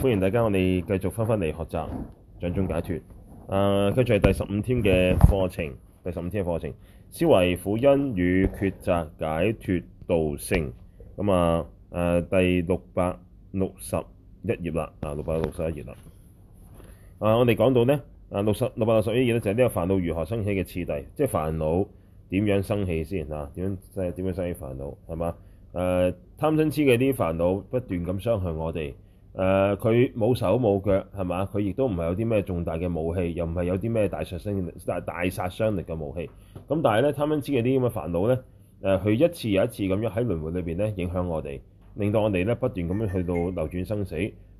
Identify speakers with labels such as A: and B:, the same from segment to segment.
A: 歡迎大家，我哋繼續返返嚟學習掌中解脫。誒、啊，繼續係第十五天嘅課程，第十五天嘅課程，思維苦因與抉擇解脫道性。咁啊，誒，第六百六十一頁啦，啊，六百六十一頁啦、啊。啊，我哋講到咧，啊，六十六百六十一頁咧，就係呢個煩惱如何生起嘅次第，即係煩惱點樣生起先啊？點樣，樣生？點樣生？啲煩惱係嘛？誒、啊，貪嗔痴嘅啲煩惱不斷咁傷害我哋。誒佢冇手冇腳係嘛？佢亦都唔係有啲咩重大嘅武器，又唔係有啲咩大殺傷力、大殺傷力嘅武器。咁但係咧，貪瞋痴嘅啲咁嘅煩惱咧，佢、呃、一次又一次咁樣喺輪迴裏面咧影響我哋，令到我哋咧不斷咁樣去到流轉生死。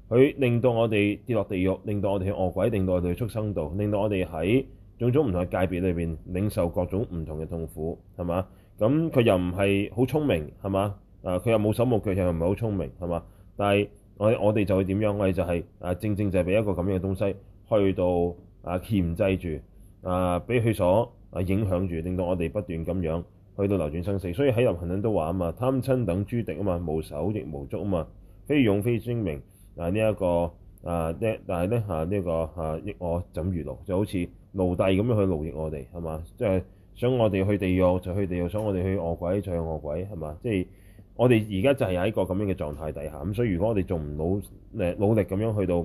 A: 佢令到我哋跌落地獄，令到我哋去餓鬼，令到我哋畜生道，令到我哋喺種種唔同嘅界別裏面領受各種唔同嘅痛苦係嘛？咁佢又唔係好聰明係嘛？佢、呃、又冇手冇腳，又唔係好聰明係嘛？但係，我哋就會點樣？我哋就係、是、啊，正正就係俾一個咁樣嘅東西去到啊，牽制住啊，俾佢所啊影響住，令到我哋不斷咁樣去到流轉生死。所以喺入行論都話啊嘛，貪瞋等諸敵啊嘛，無手亦無足啊嘛，非勇非精明。呢、啊、一、這個啊，但係咧呢、啊這個役、啊、我怎如奴，就好似奴隸咁樣去奴役我哋係嘛，即係、就是、想我哋去地獄，就去地獄；想我哋去惡鬼，就去惡鬼係嘛，即係。就是我哋而家就係喺一個咁樣嘅狀態底下，咁所以如果我哋仲唔努誒努力咁樣去到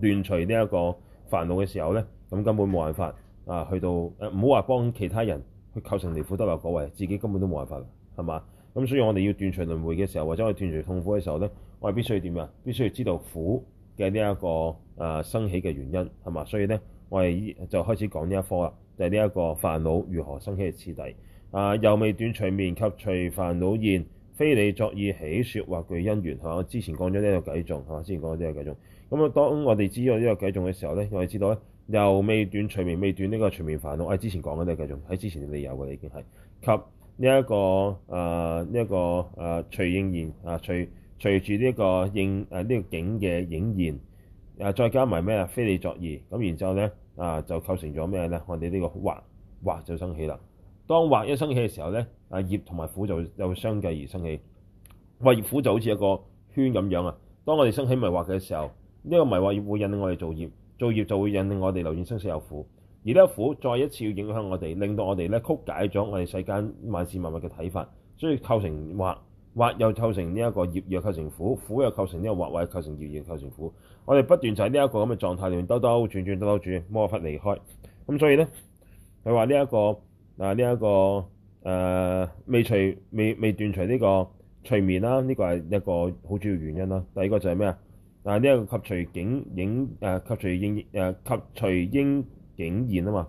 A: 斷除呢一個煩惱嘅時候咧，咁根本冇辦法啊，去到誒唔好話幫其他人去構成離苦得樂各位，自己根本都冇辦法，係嘛？咁所以我哋要斷除輪迴嘅時候，或者我哋斷除痛苦嘅時候咧，我哋必須要點呀？必須要知道苦嘅呢一個誒、啊、生起嘅原因，係嘛？所以咧，我哋就開始講呢一科啦，就係呢一個煩惱如何生起嘅次第啊，又未斷除眠及除煩惱現。非理作意起説或具因緣嚇，我之前講咗呢個偈頌嚇，之前講咗呢個偈頌。咁啊，當我哋知道呢個偈頌嘅時候咧，我哋知道咧，又未斷隨眠未斷呢個隨眠煩惱，我係之前講嘅都係偈頌喺之前你哋有嘅已經係及呢、這、一個誒呢一個誒隨、呃這個、應現啊隨隨住呢個應誒呢個境嘅影現啊，再加埋咩啊？非理作意咁，然之後咧啊，就構成咗咩咧？我哋呢個惑惑就生起啦。當惑一生起嘅時候咧。業同埋苦就又相繼而生起，話業苦就好似一個圈咁樣啊！當我哋生起迷惑嘅時候，呢個迷惑會引領我哋造業，造業就會引領我哋留念生死有苦，而呢個苦再一次要影響我哋，令到我哋咧曲解咗我哋世間萬事萬物嘅睇法。所以構成惑，惑又構成呢一個業，又構成苦，苦又構成呢個惑，惑構成業，業構成苦。我哋不斷就喺呢一個咁嘅狀態裏面兜兜轉轉兜兜轉，無法離開。咁所以咧，佢話呢一個啊，呢一個。誒、呃、未除未未斷除呢、這個隨眠啦，呢、啊這個係一個好主要原因啦、啊。第二個就係咩啊？嗱，呢一個及隨境境誒及隨應誒及隨應境現啊嘛，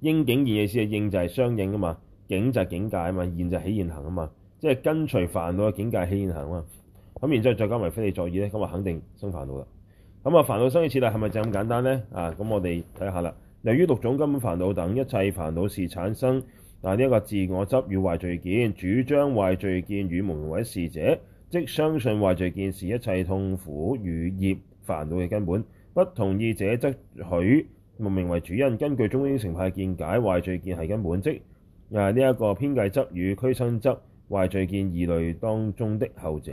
A: 應境現嘅意思係應就係相應噶嘛，境就係境界啊嘛，現就係起現行啊嘛，即係跟隨煩惱嘅境界起現行啊嘛。咁然之後再加埋非理作意咧，咁啊肯定生煩惱啦。咁啊煩惱生嘅次第係咪就咁簡單咧？啊，咁我哋睇下啦。由於六種根本煩惱等一切煩惱是產生。但呢一個自我執與壞聚見，主張壞聚見與無明為一事者，即相信壞聚見是一切痛苦與業煩惱嘅根本。不同意者則許無明為主因。根據中觀應成派見解，壞聚見係根本，即又係呢一個遍計執與俱生執壞聚見二類當中的後者。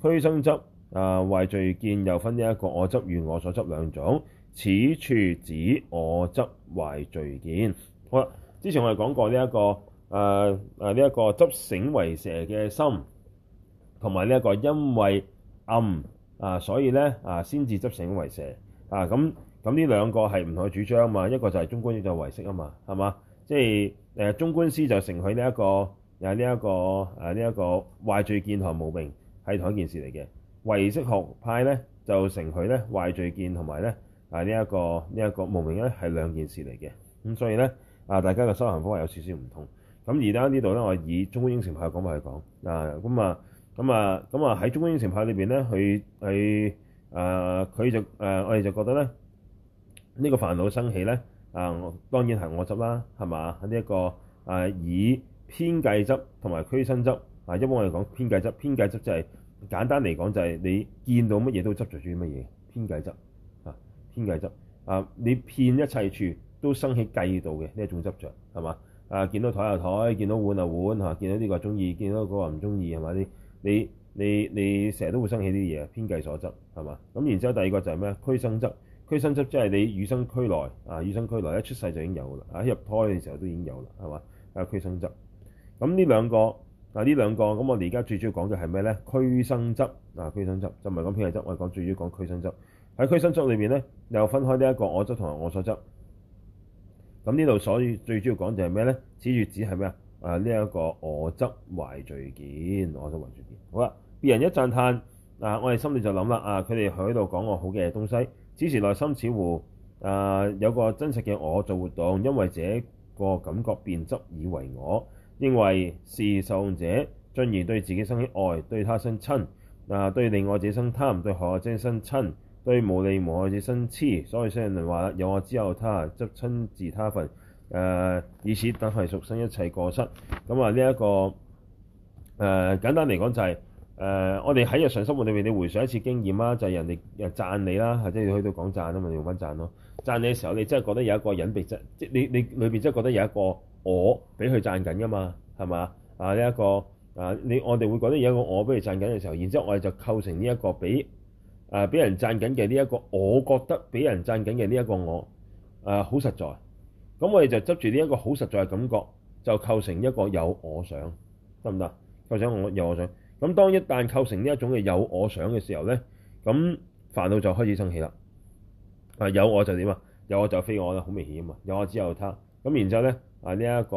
A: 俱生執啊壞聚見又分呢一個我執與我所執兩種。此處指我執壞聚見。好啦。之前我哋講過呢、這、一個誒誒呢一個執繩為蛇嘅心，同埋呢一個因為暗啊、呃，所以咧啊先至執繩為蛇啊。咁咁呢兩個係唔同嘅主張啊嘛。一個就係中觀，就係唯識啊嘛，係、這、嘛、個？即係誒中觀師就承許呢一個又呢一個誒呢一個壞聚見同無明係同一件事嚟嘅。唯識學派咧就承許咧壞聚見同埋咧係呢一、啊這個、這個、呢一個無明咧係兩件事嚟嘅。咁所以咧。啊！大家嘅修行方法有少少唔同。咁，而家呢度咧，我以中觀應成派嘅講法去講啊，咁啊，咁啊，咁啊，喺中觀應成派裏面咧，佢佢佢就、啊、我哋就覺得咧，呢、這個煩惱生起咧啊，當然係我、這個啊、執啦，係嘛？呢一個以遍計執同埋俱生執啊，一般我哋講遍計執，遍計執就係、是、簡單嚟講就係你見到乜嘢都執住住乜嘢，遍計執啊，遍計執啊，你遍一切處。都生起計度嘅呢一種執着，係嘛？啊，見到台就台，見到碗就碗嚇。見到呢個中意，見到嗰個唔中意，係嘛？你你你你成日都會生起呢啲嘢，遍計所執係嘛？咁然之後第二個就係咩？俱生執，俱生執即係你與生俱來啊，與生俱來一出世就已經有噶啦。一入胎嘅時候都已經有啦，係嘛？啊，俱生執，咁呢兩個啊，呢兩個咁，我哋而家最主要講就係咩咧？俱生執啊，俱生執就唔係講遍計執，我哋講最主要講俱生執，喺俱生執裏面咧，又分開呢一個我執同埋我所執。咁呢度所以最主要講就係咩呢？此處指係咩啊？呢、這、一個我執壞聚見，我執壞聚見。好啦，別人一讚嘆，我哋心裏就諗啦，啊佢哋喺度講我好嘅東西，此時內心似乎、啊、有個真實嘅我做活動，因為這個感覺便執以為我，認為是受用者，進而對自己生起愛，對他生瞋，嗱、啊、對另外者生貪，對害者生，生瞋。對無利無害者生痴，所以聖人話，有我之後他，他執瞋自他分誒、呃，以此等繫屬生一切過失。咁、嗯、啊，呢一個誒簡單嚟講就係、是、誒、嗯，我哋喺日常生活裏面，你回想一次經驗啦，就係、是、人哋誒讚你啦，或者你去到講讚啊嘛，用翻讚咯。讚你嘅時候，你真係覺得有一個隱蔽即即你你裏邊真係覺得有一個我俾佢讚緊噶嘛，係咪啊？呢、這、一個啊，你我哋會覺得有一個我俾佢讚緊嘅時候，然之後我哋就構成呢一個俾。啊！俾人讚緊嘅呢一個，我覺得俾人讚緊嘅呢一個我，我啊好實在。咁我哋就執住呢一個好實在嘅感覺，就構成一個有我想，得唔得？構想我有我想。咁當一旦構成呢一種嘅有我想嘅時候咧，咁煩惱就開始生起啦。啊，有我就點啊？有我就非我啦，好明顯啊嘛。有我知有他，咁然之後咧啊，呢、這、一個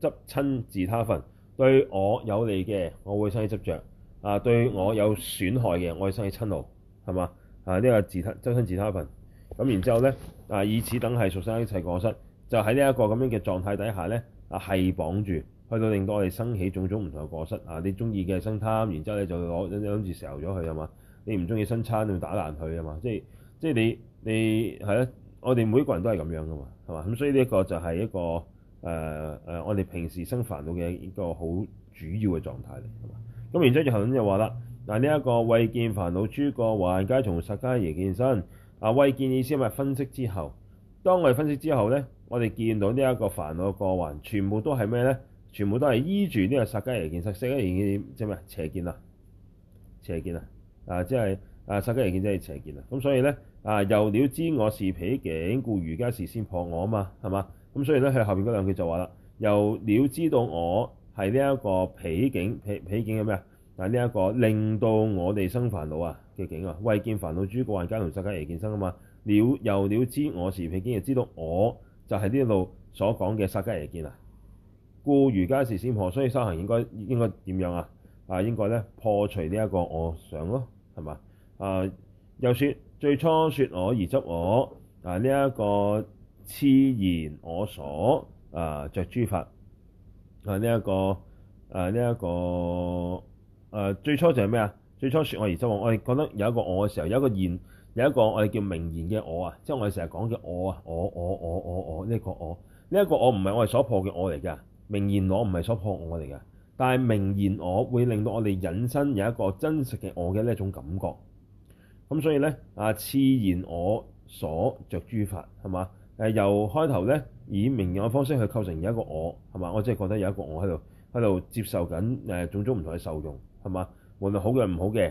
A: 執瞋自他分，對我有利嘅，我會生起執着；啊，對我有損害嘅，我會生起瞋怒。係嘛？啊！呢個自他、執瞋自他分。咁然之後咧，啊！以此等繫屬生一切過失，就喺呢一個咁樣嘅狀態底下咧，啊係綁住，去到令到我哋生起種種唔同嘅過失。啊！你中意嘅生貪，然之後你就攞諗住時候咗佢啊嘛。你唔中意生瞋，就打爛佢啊嘛。即係即係你你係咯。我哋每個人都係咁樣噶嘛，係嘛？咁所以呢一個就係一個誒誒，我哋平時生煩惱嘅一個好主要嘅狀態嚟，係嘛？咁然之後，然後咧又話啦。嗱，呢一個慧見煩惱諸過患，皆從薩迦耶見生。啊慧見意思咁啊分析之後，當我哋分析之後咧，我哋見到呢一個煩惱過患，全部都係咩咧？全部都係依住呢個薩迦耶見生，薩迦耶見，即係咩啊？邪見啊，邪見啊！啊，即係啊，薩迦耶見真係邪見啊！咁所以咧啊，由了知我是彼境故瑜伽師先破我啊嘛，係嘛？咁所以咧，佢後面嗰兩句就話啦，又了知道我係呢一個彼境，彼彼境係咩啊？但呢一個令到我哋生煩惱啊嘅境啊，慧見煩惱諸過患同薩迦耶見生啊嘛，了由了知我是彼境就知道我就係呢度所講嘅薩迦耶見啊，故瑜伽師先破，所以修行應該應該點樣啊？啊應該咧破除呢一個我想咯，係嘛？啊又説最初説我而執我啊呢一、這個次言我所啊著諸法啊呢一個啊呢一個。啊這個誒、呃、最初就係咩啊？最初說我而執我，我哋覺得有一個我嘅時候，有一個言，有一個我哋叫名言嘅我啊，即係我哋成日講嘅我啊，我我我我我呢、呢個我，呢、呢、一個我唔係我哋所破嘅我嚟㗎，名言我唔係所破嘅我嚟㗎，但係名言我會令到我哋引申有一個真實嘅我嘅呢一種感覺。咁所以咧，啊，次言我所著諸法係嘛？誒、呃、由開頭咧以名言嘅方式去構成有一個我係嘛？我真係覺得有一個我喺度喺度接受緊種種唔同嘅受用。係嘛，無論好嘅唔好嘅，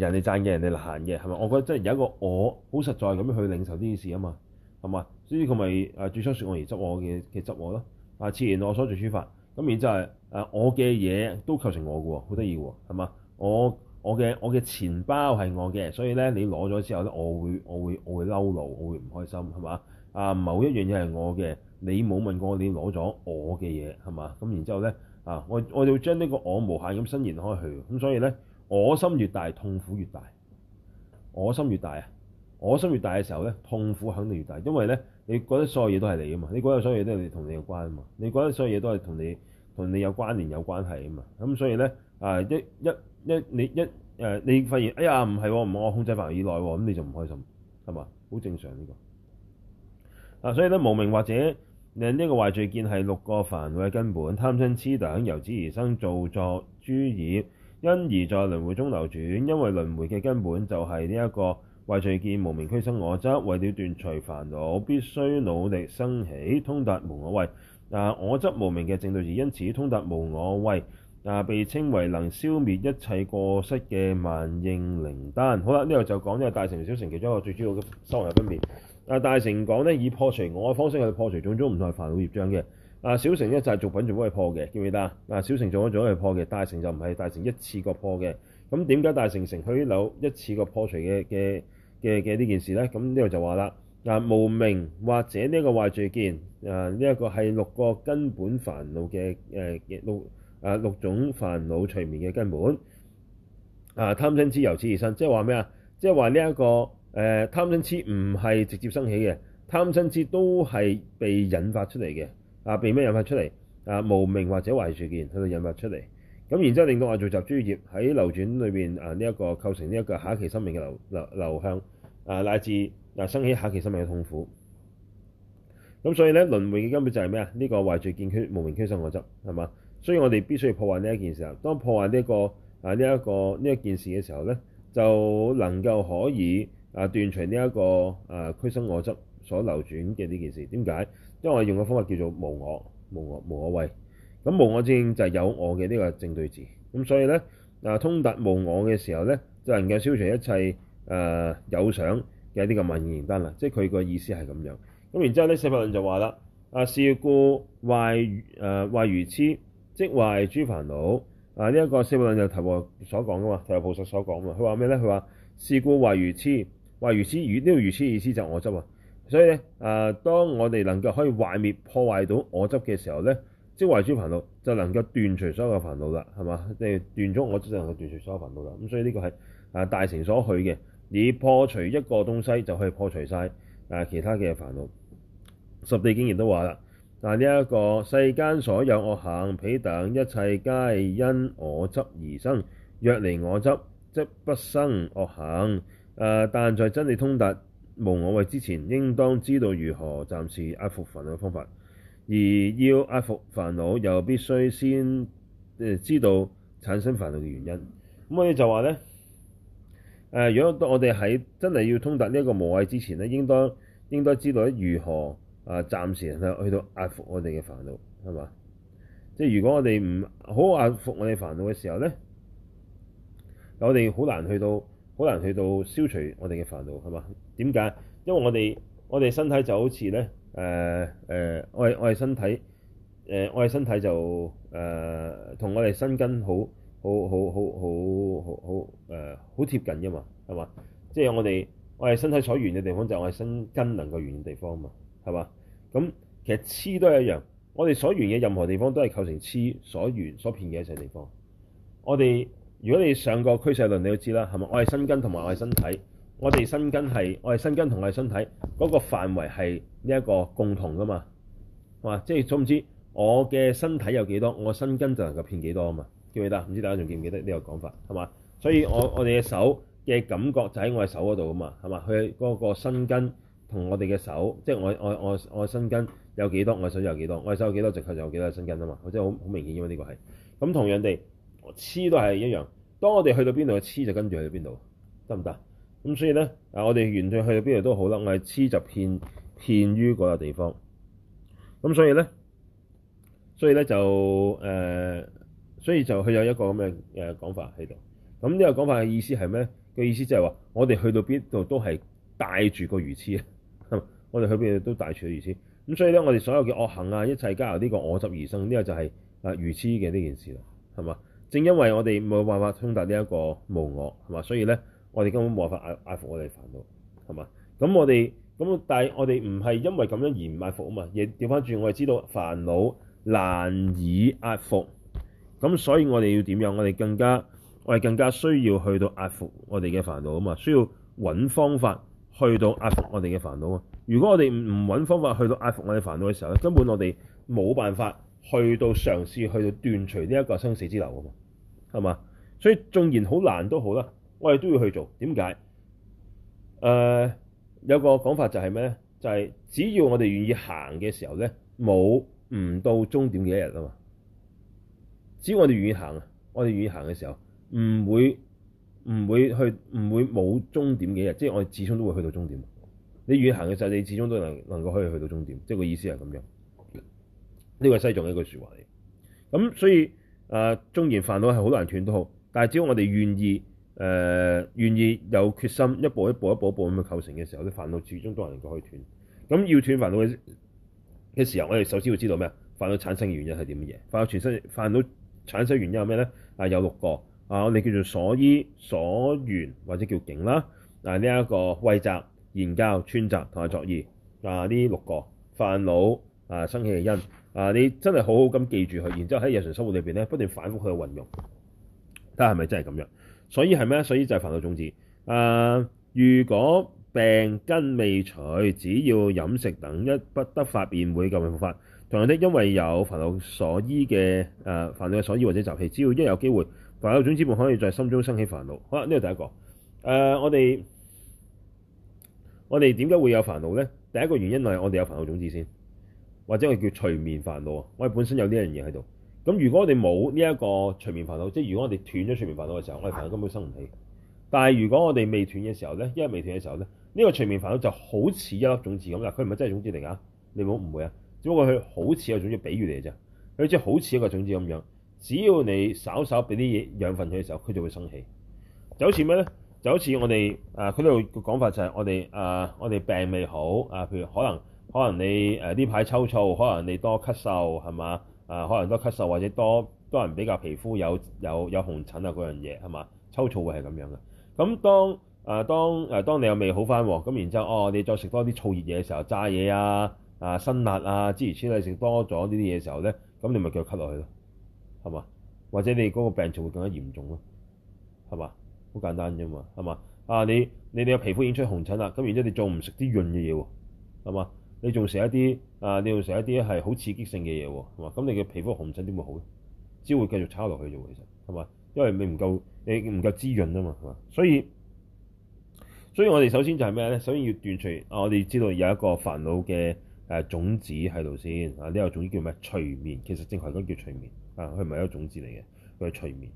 A: 人哋讚嘅人哋攔嘅，係咪？我覺得真係有一個我，好實在咁樣去領受呢件事啊嘛，係嘛？所以佢咪最初說我而執我嘅嘅執我咯、就是。啊，次言我所則著法咁然之後係我嘅嘢都構成我嘅，好得意喎，係嘛？我我嘅我嘅錢包係我嘅，所以咧你攞咗之後咧，我會我會我會嬲怒，我會唔開心，係嘛？啊某一樣嘢係我嘅，你冇問過你攞咗我嘅嘢，係嘛？咁然之後咧。啊！我我哋會將呢個我無限咁伸延開去，咁所以咧，我心越大痛苦越大。我心越大啊！我心越大嘅時候咧，痛苦肯定越大，因為咧，你覺得所有嘢都係你啊嘛，你覺得所有嘢都係同你有關啊嘛，你覺得所有嘢都係同你同你有關聯有關係啊嘛，咁所以咧啊，一一一你一誒、啊，你發現哎呀唔係，唔係我控制範圍以內喎、啊，咁你就唔開心係嘛？好正常呢個啊，所以咧無明或者。令、這、呢個壞聚見係六個煩惱嘅根本，貪嗔痴等由此而生，造作諸業，因而在輪迴中流轉。因為輪迴嘅根本就係呢一個壞聚見，無明俱生我執。為了斷除煩惱，必須努力生起通達無我慧。啊，我執無明嘅正對治而因此通達無我慧，啊，被稱為能消滅一切過失嘅萬應靈丹。好啦，呢度就講呢個大乘小乘其中一個最主要嘅修行分別。啊！大乘講咧，以破除我嘅方式去破除種種唔同嘅煩惱業障嘅。啊！小乘咧就係逐品逐可以破嘅，記唔記得啊？小乘逐品逐品去破嘅，大乘就唔係大乘一次過破嘅。咁點解大乘城佢啲樓一次過破除嘅嘅嘅嘅呢件事咧？咁呢度就話啦，啊無明或者呢一個壞聚見，啊呢一、呢個係六個根本煩惱嘅誒、啊、六啊六種煩惱隨眠嘅根本。啊貪嗔癡由此而生，即係話咩啊？即係話呢一個。誒、呃、貪嗔痴唔係直接生起嘅，貪嗔痴都係被引發出嚟嘅。啊，被咩引發出嚟？啊，無明或者壞聚見喺度引發出嚟。咁、啊、然之後，令到我、啊、做集資業喺流轉裏邊啊，呢、這、一個構成呢一個下一期生命嘅流流流向啊，乃至啊生起下一期生命嘅痛苦。咁、啊、所以咧，輪迴嘅根本就係咩啊？呢、這個壞聚見嘅無明俱生我執係嘛，所以我哋必須要破壞呢一件事。當破壞呢、這、一個啊呢一、這個呢、啊這個、一件事嘅時候咧，就能夠可以。啊！斷除呢、這、一個啊，驅生我執所流轉嘅呢件事，點解？因為我用嘅方法叫做無我、無我、無我慧。咁無我先就係有我嘅呢個正對字。咁所以咧啊，通達無我嘅時候咧，就能夠消除一切啊有想嘅呢咁萬言言丹啦。即係佢個意思係咁樣。咁然之後咧，釋法輪就話啦：啊，事故壞，誒壞如痴，即壞諸凡老。啊，呢、這、一個釋法輪就提我所講噶嘛，提阿菩薩所講噶嘛。佢話咩咧？佢話事故壞如痴。話如此意，呢個如此意思就是我執啊，所以咧啊、呃，當我哋能夠可以壞滅破壞到我執嘅時候咧，即係壞諸煩惱、就是，就能夠斷除所有煩惱啦，係嘛？即係斷咗我執就能夠斷除所有煩惱啦。咁所以呢個係啊大乘所許嘅，你破除一個東西就可以破除晒啊其他嘅煩惱。十地經言都話啦，但呢、這、一個世間所有惡行，彼等一切皆因我執而生，若離我執，即不生惡行。呃、但在真理通達無我慧之前，應當知道如何暫時壓伏煩惱方法。而要壓伏煩惱，又必須先知道產生煩惱嘅原因。咁我哋就話呢、呃：如果我哋喺真係要通達呢一個無我慧之前呢，應當應當知道如何誒暫時去到壓伏我哋嘅煩惱，係嘛？即係如果我哋唔好壓伏我哋煩惱嘅時候呢，我哋好難去到。好難去到消除我哋嘅煩惱，係嘛？點解？因為我哋我哋身體就好似咧，誒、呃、誒、呃，我哋我哋身體，誒、呃、我哋身體就誒同、呃、我哋身根好好好好好好好誒好貼近噶嘛，係嘛？即、就、係、是、我哋我哋身體所緣嘅地，地方，就係我哋身根能夠緣嘅地方嘛，係嘛？咁其實黐都係一樣，我哋所緣嘅任何地方都係構成黐所緣所騙嘅一齊地方，我哋。如果你上過俱舍論，你都知啦，係嘛？我係身根同埋我係身體，我哋身根係我係身根同我係身體嗰個範圍係呢一個共同噶嘛，係嘛？即係總之，我嘅身體有幾多，我身根就能夠遍幾多啊嘛？記唔記得？唔知大家仲記唔記得呢個講法係嘛？所以我我哋嘅手嘅感覺就喺我嘅手嗰度啊嘛，係嘛？佢嗰個身根同我哋嘅手，即係我我我我身根有幾多，我手有幾多，我手有幾多，直頭就有幾多身根啊嘛，即係好好明顯嘅嘛呢個係。咁同樣地。癡都係一樣。當我哋去到邊度，癡就跟住去到邊度，得唔得？咁所以咧，啊，我哋完全去到邊度都好啦。我係癡就偏偏於嗰個地方。咁所以咧，所以咧就誒，所以就佢、呃、有一個咁嘅誒講法喺度。咁呢個講法嘅意思係咩咧？嘅意思即係話，我哋去到邊度都係帶住個愚癡啊。我哋去邊度都帶住個愚癡。咁所以咧，我哋所有嘅惡行啊，一切皆由呢個我執而生。呢、這個就係啊愚癡嘅呢件事咯，係嘛？正因為我哋冇辦法通達呢一個無我，係嘛，所以咧，我哋根本冇辦法壓壓服我哋煩惱，係嘛。咁我哋咁，但係我哋唔係因為咁樣而唔壓伏啊嘛。亦調翻轉，我哋知道煩惱難以壓服，咁所以我哋要點樣？我哋更加，我哋更加需要去到壓服我哋嘅煩惱啊嘛。需要揾方法去到壓服我哋嘅煩惱啊。如果我哋唔揾方法去到壓服我哋煩惱嘅時候咧，根本我哋冇辦法。去到嘗試去到斷除呢一個生死之流啊嘛，係嘛？所以縱然很難好難都好啦，我哋都要去做。點解？誒、呃，有個講法就係咩咧？就係、是、只要我哋願意行嘅時候咧，冇唔到終點嘅一日啊嘛！只要我哋願意行啊，我哋願意行嘅時候，唔會唔會去唔會冇終點嘅一日，即、就、係、是、我哋始終都會去到終點。你願意行嘅時候，你始終都能能夠可以去到終點，即係個意思係咁樣。呢個西藏的一句説話嚟，咁所以啊，縱、呃、然煩惱係好難斷都好，但係只要我哋願意誒、呃，願意有決心，一步一步、一步一步咁去構成嘅時候，啲煩惱始終都係能夠可以斷。咁要斷煩惱嘅嘅時候，我哋首先要知道咩啊？煩惱產生原因係點嘅嘢？煩惱產生煩惱產生原因係咩咧？啊，有六個啊，我哋叫做所依、所緣或者叫境啦。啊，呢、這、一個猥雜、言教、串習同埋作意啊，呢六個煩惱啊，生起嘅因。啊！你真係好好咁記住佢，然之後喺日常生活裏邊咧不斷反覆去運用，睇下係咪真係咁樣。所以係咩？所以就係煩惱種子。啊！如果病根未除，只要飲食等一不得法，便會舊病復發。同樣的，因為有煩惱所依嘅誒煩惱嘅所依或者習氣，只要一有機會，煩惱種子便可以在心中生起煩惱。好、啊、啦，呢個第一個。誒、啊，我哋我哋點解會有煩惱咧？第一個原因係我哋有煩惱種子先。或者我叫隨眠煩惱啊，我哋本身有呢樣嘢喺度。咁如果我哋冇呢一個隨眠煩惱，即係如果我哋斷咗隨眠煩惱嘅時候，我哋煩惱根本生唔起。但係如果我哋未斷嘅時候咧，因為未斷嘅時候咧，呢、這個隨眠煩惱就好似一粒種子咁，但佢唔係真係種子嚟噶，你唔好誤會啊。只不過佢好似個種子比喻嚟嘅啫，佢即係好似一個種子咁樣，只要你稍稍俾啲嘢養分佢嘅時候，佢就會生起。就好似咩咧？就好似我哋誒，佢呢度嘅講法就係我哋誒、啊，我哋病未好啊，譬如可能。可能你誒呢排抽燥，可能你多咳嗽，係嘛啊？可能多咳嗽或者多多人比較皮膚有有有紅疹啊，嗰樣嘢，係嘛？抽燥會係咁樣嘅。咁當啊當誒、啊、當你又未好翻喎，咁然之後哦、啊，你再食多啲燥熱嘢嘅時候，炸嘢啊啊辛辣啊之類處理食多咗呢啲嘢嘅時候咧，咁你咪繼續咳落去咯，係嘛？或者你嗰個病情會更加嚴重咯，係嘛？好簡單啫嘛，係嘛？啊，你你哋有皮膚已經出紅疹啦，咁然之後你仲唔食啲潤嘅嘢喎，係嘛？你仲食一啲啊？你仲食一啲係好刺激性嘅嘢喎，係嘛？咁你嘅皮膚紅疹點會好咧？只會繼續抄落去啫喎，其實係嘛？因為你唔夠，你唔夠滋潤啊嘛，係嘛？所以，所以我哋首先就係咩咧？首先要斷除啊！我哋知道有一個煩惱嘅誒種子喺度先啊！呢個種子叫咩？隨眠其實正係都叫隨眠啊，佢唔係一個種子嚟嘅，佢係隨眠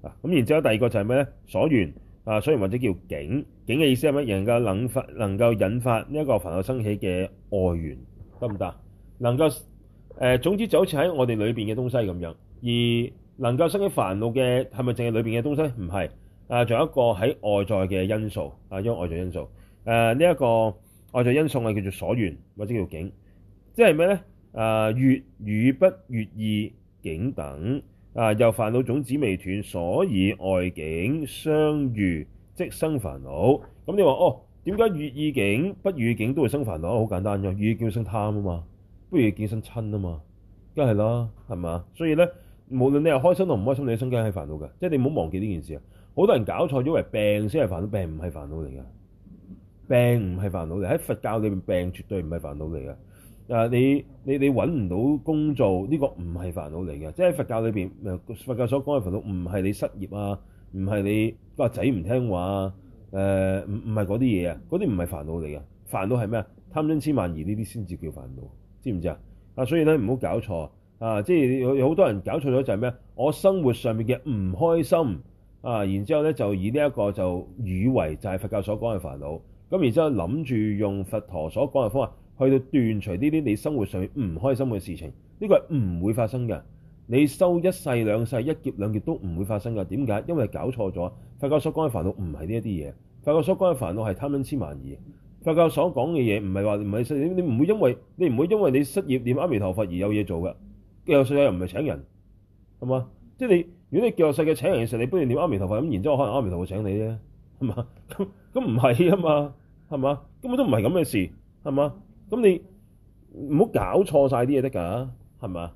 A: 啊。咁然之後第二個就係咩咧？所緣。啊，所以或者叫境，境嘅意思係乜？人家能夠諗發，能夠引發呢一個煩惱生起嘅外緣，得唔得？能夠誒、呃，總之就好似喺我哋裏邊嘅東西咁樣。而能夠生起煩惱嘅係咪淨係裏邊嘅東西？唔係，啊，仲有一個喺外在嘅因素，啊，因為外在因素，誒呢一個外在因素係叫做所緣或者叫境，即係咩咧？啊，悅意不悅意境等。啊！又煩惱種子未斷，所以外境相遇即生煩惱。咁你話哦，點解遇意境不遇境都會生煩惱？好簡單啫，遇境生貪啊嘛，不遇境生瞋啊嘛，梗係啦，係嘛？所以咧，無論你係開心同唔開心，你都生緊係煩惱㗎。即係你唔好忘記呢件事啊！好多人搞錯咗，以為病先係煩惱，病唔係煩惱嚟㗎，病唔係煩惱嚟。喺佛教裏面，病絕對唔係煩惱嚟㗎。啊、你你你揾唔到工做呢、這個唔係煩惱嚟嘅，即係佛教裏面，佛教所講嘅煩惱，唔係你失業啊，唔係你個仔唔聽話啊，唔唔係嗰啲嘢啊，嗰啲唔係煩惱嚟嘅，煩惱係咩啊？貪嗔痴慢疑呢啲先至叫煩惱，知唔知啊？啊所以咧唔好搞錯啊，即係有好多人搞錯咗就係咩？我生活上面嘅唔開心啊，然之後咧就以呢一個就以為就係佛教所講嘅煩惱，咁然之後諗住用佛陀所講嘅方法。去到斷除呢啲你生活上面唔開心嘅事情，呢、呢個係唔會發生嘅。你修一世兩世一劫兩劫都唔會發生嘅。點解？因為搞錯咗啊。佛教所講嘅煩惱唔係呢一啲嘢，佛教所講嘅煩惱係貪嗔痴慢疑。佛教所講嘅嘢唔係話唔係你唔會因為你唔會因為你失業念阿彌陀佛而有嘢做嘅。叫落世嘅又唔係請人，係嘛？即係你，如果你叫落世嘅請人嘅時候，你不如念阿彌陀佛，咁，然之後可能阿彌陀佛會請你啫，係嘛？咁咁唔係啊嘛，係嘛？根本都唔係咁嘅事，係嘛？咁你唔好搞錯晒啲嘢，得噶，係咪？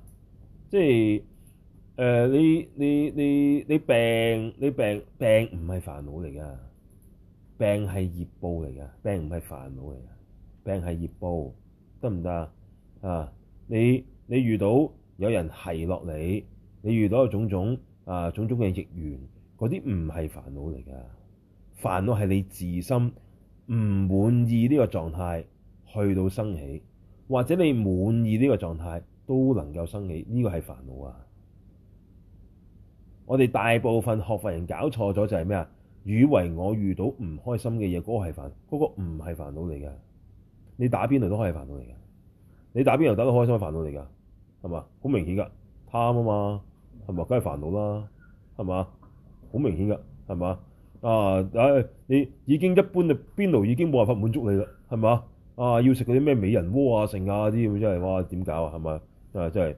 A: 即係誒，你你你你病，你病病唔係煩惱嚟噶，病係業報嚟噶，病唔係煩惱嚟噶，病係業報，得唔得啊？啊，你你遇到有人係落你，你遇到有慧慧遇到種種啊種種嘅逆緣，嗰啲唔係煩惱嚟噶，煩惱係你自心唔滿意呢個狀態。去到生起，或者你滿意呢個狀態都能夠生起，呢個係煩惱啊！我哋大部分學佛人搞錯咗就係咩啊？以為我遇到唔開心嘅嘢嗰個係煩，嗰、嗰個唔係煩惱嚟嘅。你打邊爐都係煩惱嚟嘅，你打邊爐打得開心都煩惱嚟㗎，係嘛？好明顯㗎，貪啊嘛，係咪？梗係煩惱啦，係嘛？好明顯㗎，係嘛？啊，哎，你已經一般嘅邊爐已經冇辦法滿足你啦，係嘛？啊！要食嗰啲咩美人窩啊、剩啊啲咁，真係哇！點搞啊？係咪？啊，真係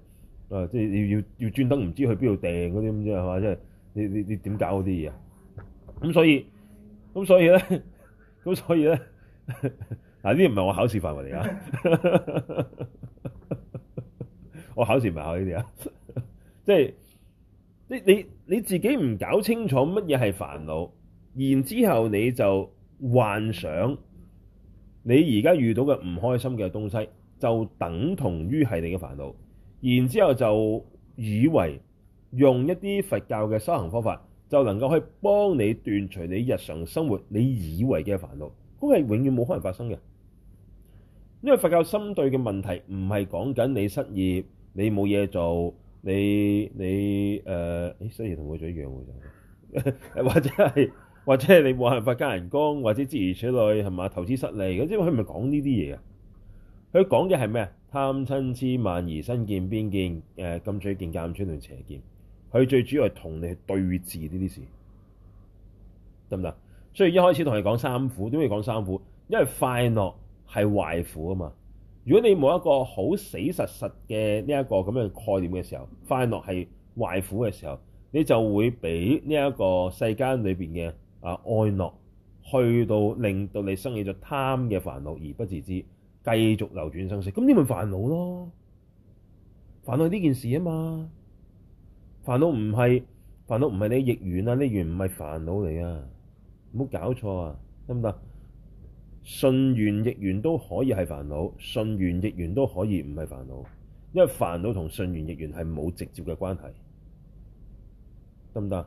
A: 啊，即係要要要專登唔知去邊度訂嗰啲咁，即係嘛？即係你你你點搞嗰啲嘢啊？咁所以咁所以咧，咁所以咧，嗱呢啲唔係我考試範圍嚟啊！ 我考試唔係考呢啲啊！即 係，你你你自己唔搞清楚乜嘢係煩惱，然之後你就幻想。你而家遇到嘅唔開心嘅東西，就等同於係你嘅煩惱，然之後就以為用一啲佛教嘅修行方法，就能夠去幫你斷除你日常生活你以為嘅煩惱，咁係永遠冇可能發生嘅。因為佛教針對嘅問題，唔係講緊你失業，你冇嘢做、你你誒，失業同我做一樣做，或者係。或者你冇辦法加人工，或者諸如此類係嘛？投資失利，佢即係佢唔係講呢啲嘢啊！佢講嘅係咩啊？貪瞋痴慢疑身見邊見、誒、呃，戒禁取見、見取見、邪見。佢最主要係同你去對峙呢啲事，得唔得？所以一開始同你講三苦，點解要講三苦？因為快樂係壞苦啊嘛！如果你冇一個好死實實嘅呢一個咁樣概念嘅時候，快樂係壞苦嘅時候，你就會俾呢一個世間裏面嘅。啊，哀樂去到令到你生起咗貪嘅煩惱，而不自知，繼續流轉生死，咁你咪煩惱咯，煩惱呢件事啊嘛，煩惱唔係煩惱，唔係你逆緣啊，逆緣唔係煩惱嚟啊，唔好搞錯啊，得唔得？順緣逆緣都可以係煩惱，順緣逆緣都可以唔係煩惱，因為煩惱同順緣逆緣係冇直接嘅關係，得唔得？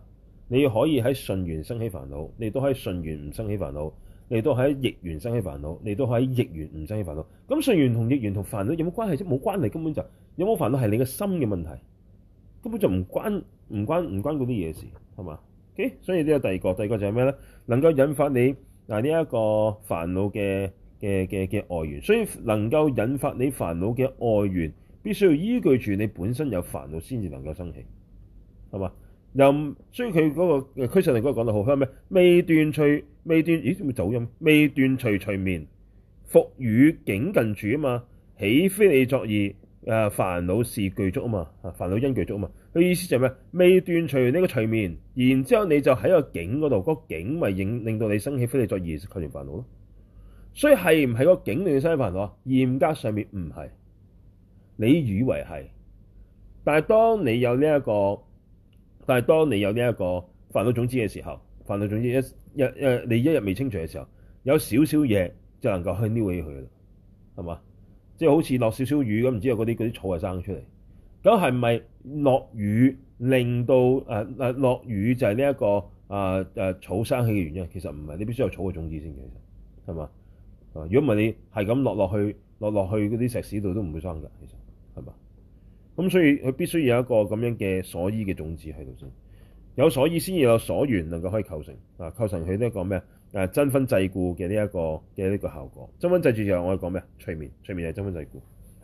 A: 你可以喺順緣生起煩惱，你都喺順緣唔生起煩惱；你都喺逆緣生起煩惱，你都喺逆緣唔生起煩惱。咁順緣同逆緣同煩惱有冇關係啫？冇關係，根本就有冇煩惱係你嘅心嘅問題，根本就唔關唔關唔關嗰啲嘢事，係嘛？OK，所以呢個第二個，第二個就係咩呢？能夠引發你嗱呢一個煩惱嘅嘅嘅嘅外緣，所以能夠引發你煩惱嘅外緣，必須要依據住你本身有煩惱先至能夠生起，係嘛？又，所以佢嗰個俱舍論嗰個講得好，佢話咩？未斷除，未斷，咦？會走音、啊？未斷除隨眠，復於境近住啊嘛，起非理作意誒、啊、煩惱事具足啊嘛，煩惱因具足啊嘛。佢意思就係咩？未斷除呢個隨眠，然之後你就喺個境嗰度，嗰境咪令到你生起非理作意吸引煩惱咯。所以係唔係個境令生煩惱啊？嚴格上面唔係，你以為係，但係當你有呢、這、一個。但係當你有呢一個煩惱種子嘅時候，煩惱種子一一誒你一,一,一,一日未清除嘅時候，有少少嘢就能夠去撩起佢啦，係嘛？即係好似落少少雨咁，唔知有嗰啲啲草係生出嚟。咁係咪落雨令到誒誒落雨就係呢一個啊誒、啊、草生起嘅原因？其實唔係，你必須有草嘅種子先嘅，係嘛？係嘛？如果唔係你係咁落去落去落落去嗰啲石屎度都唔會生㗎，其實係嘛？咁所以佢必須要有一個咁樣嘅所依嘅種子喺度先，有所依先至有所緣，能夠可以構成啊構成佢呢一個咩啊？誒真分際故嘅呢一個嘅呢個效果，真分際住就係我哋講咩啊？催眠，催眠就係真分際故，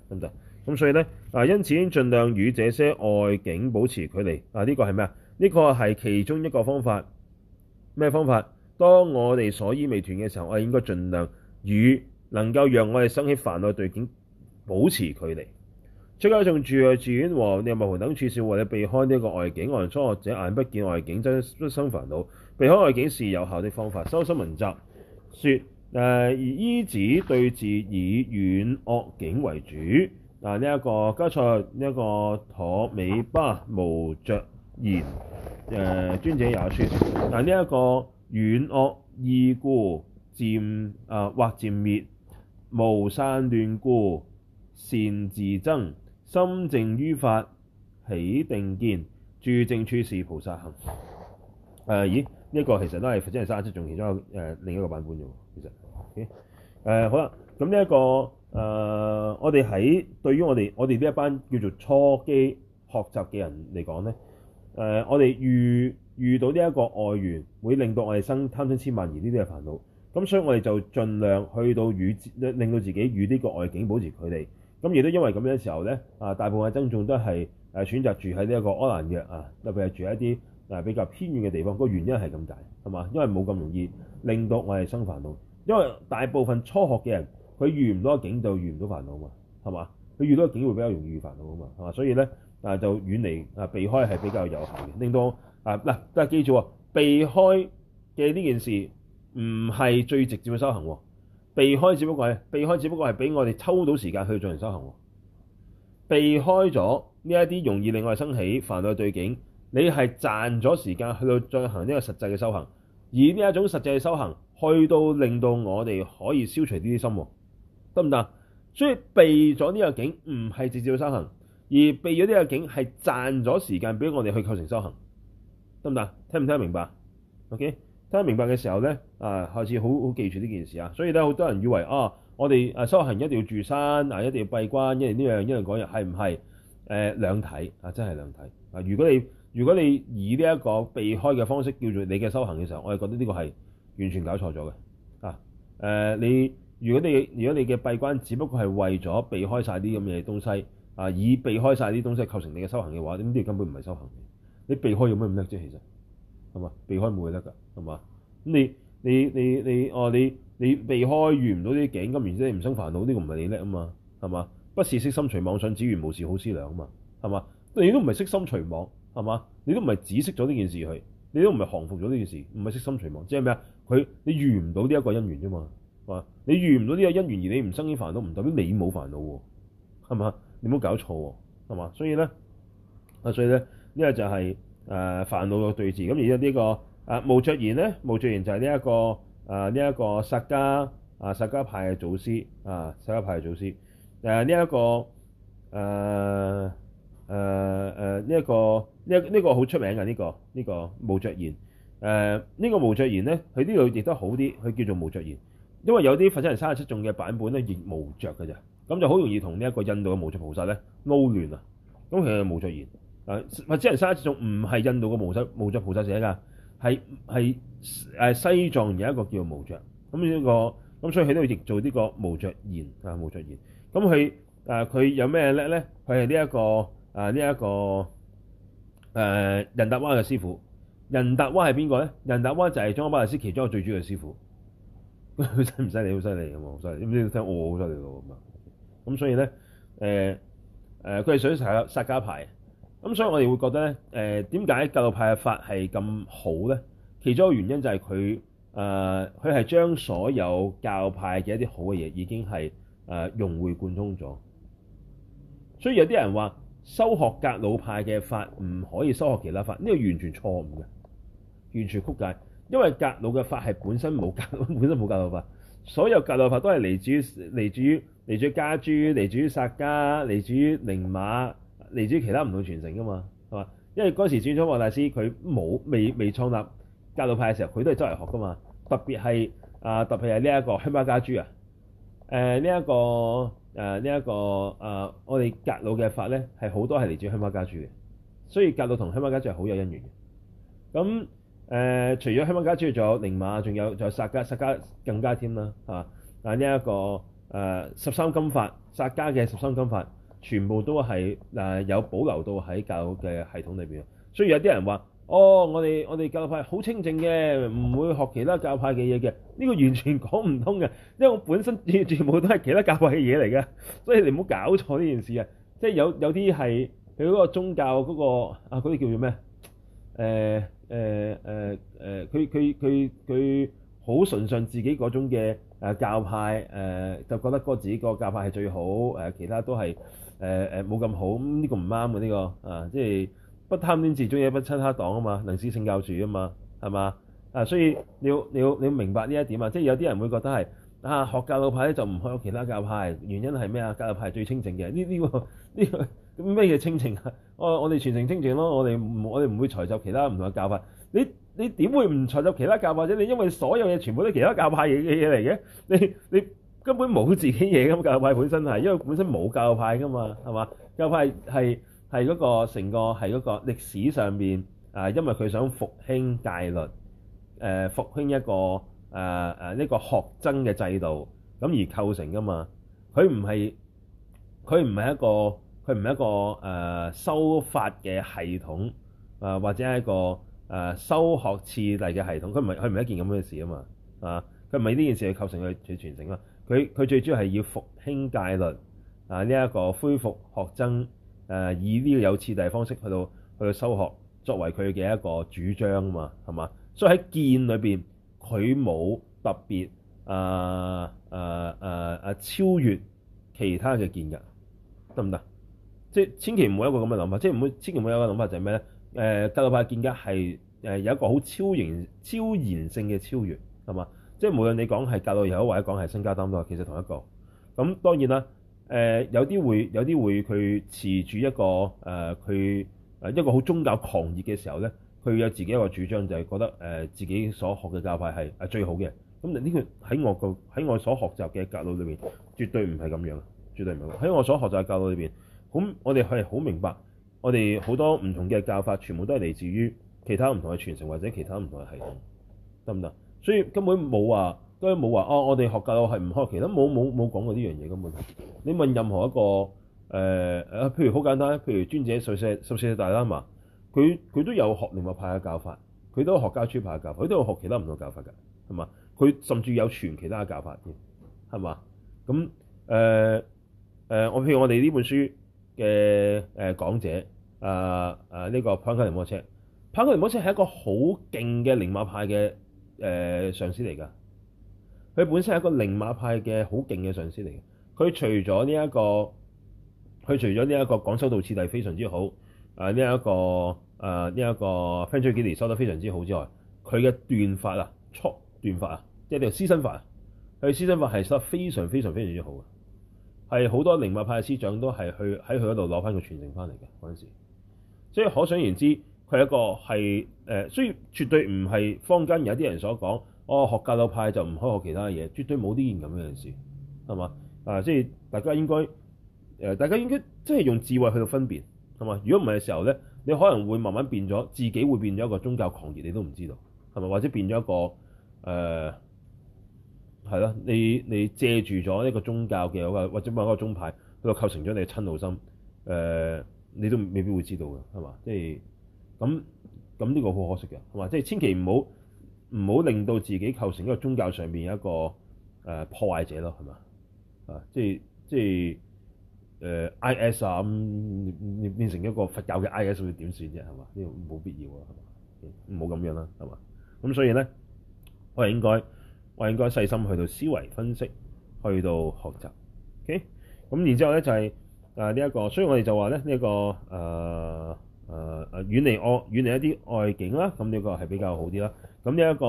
A: 得唔得？咁所以咧啊，因此應盡量與這些外境保持距離啊！呢、這個係咩啊？呢、這個係其中一個方法咩方法？當我哋所依未斷嘅時候，我哋應該盡量與能夠讓我哋生起煩惱對境保持距離。出家眾住喺寺院和茅篷等處事為你避開呢一個外境，而初學者眼不見外境，真不生煩惱。避開外境是有效的方法。《修心文集》說：誒、呃、而依止對治以遠惡境為主。但呢、這、一個嘉賽呢一個妥美巴無著賢誒尊、呃、者也說：但呢、這、一個遠惡境故漸誒、呃、惑漸滅無散亂故善自增。心淨於法起定見，住靜處是菩薩行。誒、呃，咦？呢、這個其實都係真係三七仲然之後另一個版本啫其實，okay? 呃、好啦，咁呢一個、呃、我哋喺對於我哋我哋呢一班叫做初機學習嘅人嚟講咧，誒、呃，我哋遇遇到呢一個外緣，會令到我哋生貪嗔痴慢疑呢啲嘅煩惱。咁所以我哋就盡量去到令到自己與呢個外境保持距離。咁亦都因為咁樣嘅時候咧，啊，大部分僧眾都係誒選擇住喺呢一個阿蘭若啊，特別係住喺一啲比較偏遠嘅地方。個原因係咁大，係嘛？因為冇咁容易令到我哋生煩惱，因為大部分初學嘅人，佢遇唔到境就遇唔到煩惱啊嘛，係嘛？佢遇到境會比較容易煩惱啊嘛，所以咧就遠離啊、避開係比較有效嘅，令到啊，嗱，但係記住喎，避開嘅呢件事唔係最直接嘅修行。避開只不過係避開，只不過係俾我哋抽到時間去進行修行。避開咗呢一啲容易令我哋生起煩惱嘅對境，你係賺咗時間去到進行呢個實際嘅修行。而呢一種實際嘅修行，去到令到我哋可以消除呢啲心，得唔得？所以避咗呢個境，唔係直接去修行，而避咗呢個境係賺咗時間俾我哋去構成修行，得唔得？聽唔聽得明白？OK。睇明白嘅時候咧，啊，開始好好記住呢件事啊。所以咧，好多人以為啊，我哋啊修行一定要住山，啊一定要閉關，因為呢樣，因為嗰樣，係唔係？誒、呃、兩體啊，真係兩體啊！如果你如果你以呢一個避開嘅方式叫做你嘅修行嘅時候，我係覺得呢個係完全搞錯咗嘅啊！誒、啊，你如果你如果你嘅閉關只不過係為咗避開晒啲咁嘅東西啊，以避開晒啲東西構成你嘅修行嘅話，咁呢根本唔係修行。你避開有咩唔叻啫？其實？係嘛，避開冇得㗎，係嘛，咁你你你你哦，你你避開遇唔到啲境，然之後你唔生煩惱，呢、呢個唔係你叻啊嘛，係嘛，不是悉心除妄想，只緣無事好思量啊嘛，係嘛，你都唔係悉心除妄，係嘛，你都唔係只識咗呢件事去，你都唔係降服咗呢件事，唔係悉心除妄，即係咩啊？佢你遇唔到呢一個因緣啫嘛，你遇唔到呢個因緣而，而你唔生呢煩惱，唔代表你冇煩惱喎，係嘛？你唔好搞錯，係嘛？所以咧，啊，所以咧，呢個就係、是。誒、啊、煩惱嘅對治，咁而家、這、呢個誒無著賢咧，無著賢就係呢一個誒呢一個薩迦啊薩迦派嘅祖師啊薩迦派嘅祖師誒呢一個誒誒誒呢一個呢一呢個好、這個、出名嘅呢、這個呢、這個無著賢誒呢個無著賢咧，佢呢度亦都好啲，佢叫做無著賢，因為有啲佛經人三十七種嘅版本咧，亦無著嘅咋，咁就好容易同呢一個印度嘅無著菩薩咧撈亂啊，咁佢係無著賢。誒，佛指人沙仲唔係印度嘅無著無著菩薩寫㗎，係西藏有一個叫做無著，咁呢個咁所以佢都要做呢個無著賢啊，咁佢佢有咩叻咧？佢係、這個啊這個啊、呢一個呢一個誒仁達蛙嘅師傅。仁達蛙係邊個咧？仁達蛙就係中歐巴勒斯其中一個最主要嘅師傅，佢犀唔犀利？好犀利好犀利！知你聽我犀利咁，咁所以咧佢係想殺薩迦派。咁所以我哋會覺得咧，誒點解格魯派嘅法係咁好咧？其中一個原因就係佢誒佢係將所有教派嘅一啲好嘅嘢已經係誒融會貫通咗。所以有啲人話修學格魯派嘅法唔可以修學其他法，呢個完全錯誤嘅，完全曲解。因為格魯嘅法係本身冇格魯，本身冇格魯法，所有格魯法都係嚟自於嚟自於嚟自於噶舉，嚟自於薩迦，嚟自於寧瑪。嚟自其他唔同的傳承噶嘛，係嘛？因為嗰時宗喀巴大師佢冇未未創立格魯派嘅時候，佢都係周圍學噶嘛。特別係啊、呃，特別係呢一個香巴家珠啊，誒呢一個誒呢一個啊、呃，我哋格魯嘅法咧係好多係嚟自香巴家珠嘅，所以格魯同香巴家珠係好有因緣嘅。咁誒、呃，除咗香巴家珠，仲有寧瑪，仲有仲有薩家，薩家更加添啦嚇。但呢、這、一個誒、呃、十三金法，薩家嘅十三金法，全部都係嗱、呃、有保留到喺教育嘅系統裏面。所以有啲人話：哦，我哋我哋教派好清淨嘅，唔會學其他教派嘅嘢嘅。呢、這個完全講唔通嘅，因為我本身全部都係其他教派嘅嘢嚟嘅，所以你唔好搞錯呢件事啊！即係有有啲係佢嗰個宗教嗰、那個啊，嗰、那、啲、個、叫做咩？誒誒誒誒，佢佢佢佢好純粹自己嗰種嘅教派誒、呃，就覺得嗰自己個教派係最好，其他都係。誒冇咁好，咁、這、呢個唔啱嘅呢個啊，即係不貪戀自尊嘢、不親他黨啊嘛，能知性教主啊嘛，係嘛啊，所以你要你要你要明白呢一點啊，即係有啲人會覺得係啊，學教導派就唔開其他教派，原因係咩啊？教導派最清淨嘅，呢呢個呢個咩嘢清淨啊？我我哋全程清淨咯，我哋我哋唔會採集其他唔同嘅教派，你你點會唔採集其他教派？者你因為所有嘢全部都係其他教派嘅嘢嚟嘅，你你。根本冇自己嘢咁，教派本身係因為本身冇教派噶嘛，係嘛？教派係係嗰個成個係個歷史上邊，啊、呃，因為佢想復興戒律，誒、呃、復興一個誒誒呢個學僧嘅制度咁而構成噶嘛。佢唔係，佢唔係一個佢唔係一個誒修、呃、法嘅系統，啊、呃，或者係一個誒修、呃、學次第嘅系統，佢唔係佢唔係一件咁嘅事啊嘛，係佢唔係呢件事去構成、呃、構成去去傳承啊。佢佢最主要係要復興戒律啊，呢一個恢復學僧誒、啊、以呢個有次第方式去到去到修學作為佢嘅一個主張啊嘛，係嘛？所以喺見裏邊佢冇特別誒誒誒誒超越其他嘅見㗎，得唔得？即係千祈唔好有一個咁嘅諗法，即係唔好千祈唔好有個諗法就係咩咧？誒格魯派見解係誒有一個好超然超然性嘅超越係嘛？即係無論你講係格魯又好，或者講係新噶當其實同一個。咁當然啦，誒有啲會有啲會佢持住一個誒佢誒一個好宗教狂熱嘅時候咧，佢有自己一個主張，就係覺得誒自己所學嘅教派係誒最好嘅。咁呢個喺我個喺我所學習嘅格魯裏邊，絕對唔係咁樣，絕對唔係喎。喺我所學習嘅格魯裏邊，咁我哋係好明白，我哋好多唔同嘅教法，全部都係嚟自於其他唔同嘅傳承或者其他唔同嘅系統，得唔得？所以根本冇話，根本冇話。哦，我哋學教係唔學其他，冇冇冇講過呢樣嘢根本。你問任何一個誒、呃、譬如好簡單，譬如尊者十四十四世大喇嘛，佢佢都有學靈馬派嘅教法，佢都有學教主派嘅教法，佢都有學其他唔同教法㗎，係嘛？佢甚至有傳其他嘅教法添，係嘛？咁誒誒，我、呃呃、譬如我哋呢本書嘅誒講者呢、呃呃呢個潘卡林摩車，潘卡林摩車係一個好勁嘅靈馬派嘅。誒、呃、上師嚟噶，佢本身係一個寧瑪派嘅好勁嘅上師嚟嘅。佢除咗呢一個，佢除咗呢一個廣修道次第非常之好，啊呢一、這個啊呢一、這個 panchakiri 收得非常之好之外，佢嘅斷法啊，速斷法啊，即係呢個施身法啊，佢施身法係收得非常非常非常之好嘅，係好多寧瑪派師長都係去喺佢嗰度攞翻個傳承翻嚟嘅嗰陣時，所以可想而知。係一個係誒、呃，所以絕對唔係坊間有啲人所講，哦學教友派就唔可以學其他嘢，絕對冇啲咁嘅事，係嘛？啊，即係大家應該誒，大家應該即係、呃、用智慧去到分辨，係嘛？如果唔係嘅時候咧，你可能會慢慢變咗，自己會變咗一個宗教狂熱，你都唔知道，係咪？或者變咗一個誒係咯，你你借住咗一個宗教嘅或者某一個宗派，佢就構成咗你嘅親路心誒、呃，你都未必會知道嘅，係嘛？即係。咁咁呢個好可惜嘅，係嘛？即係千祈唔好唔好令到自己構成一個宗教上面一個、呃、破壞者咯，係嘛？呃、IS，啊，即係即係誒 IS 啊咁，變成一個佛教嘅 IS 會點算啫？係嘛？呢個冇必要啊，係嘛？唔好咁樣啦，係嘛？咁所以咧，我係應該我係應該細心去到思維分析，去到學習。OK，咁然之後咧就係呢一個，所以我哋就話咧呢一個誒。呃誒、呃、誒遠離惡遠離一啲外境啦，咁呢個係比較好啲啦。咁呢一個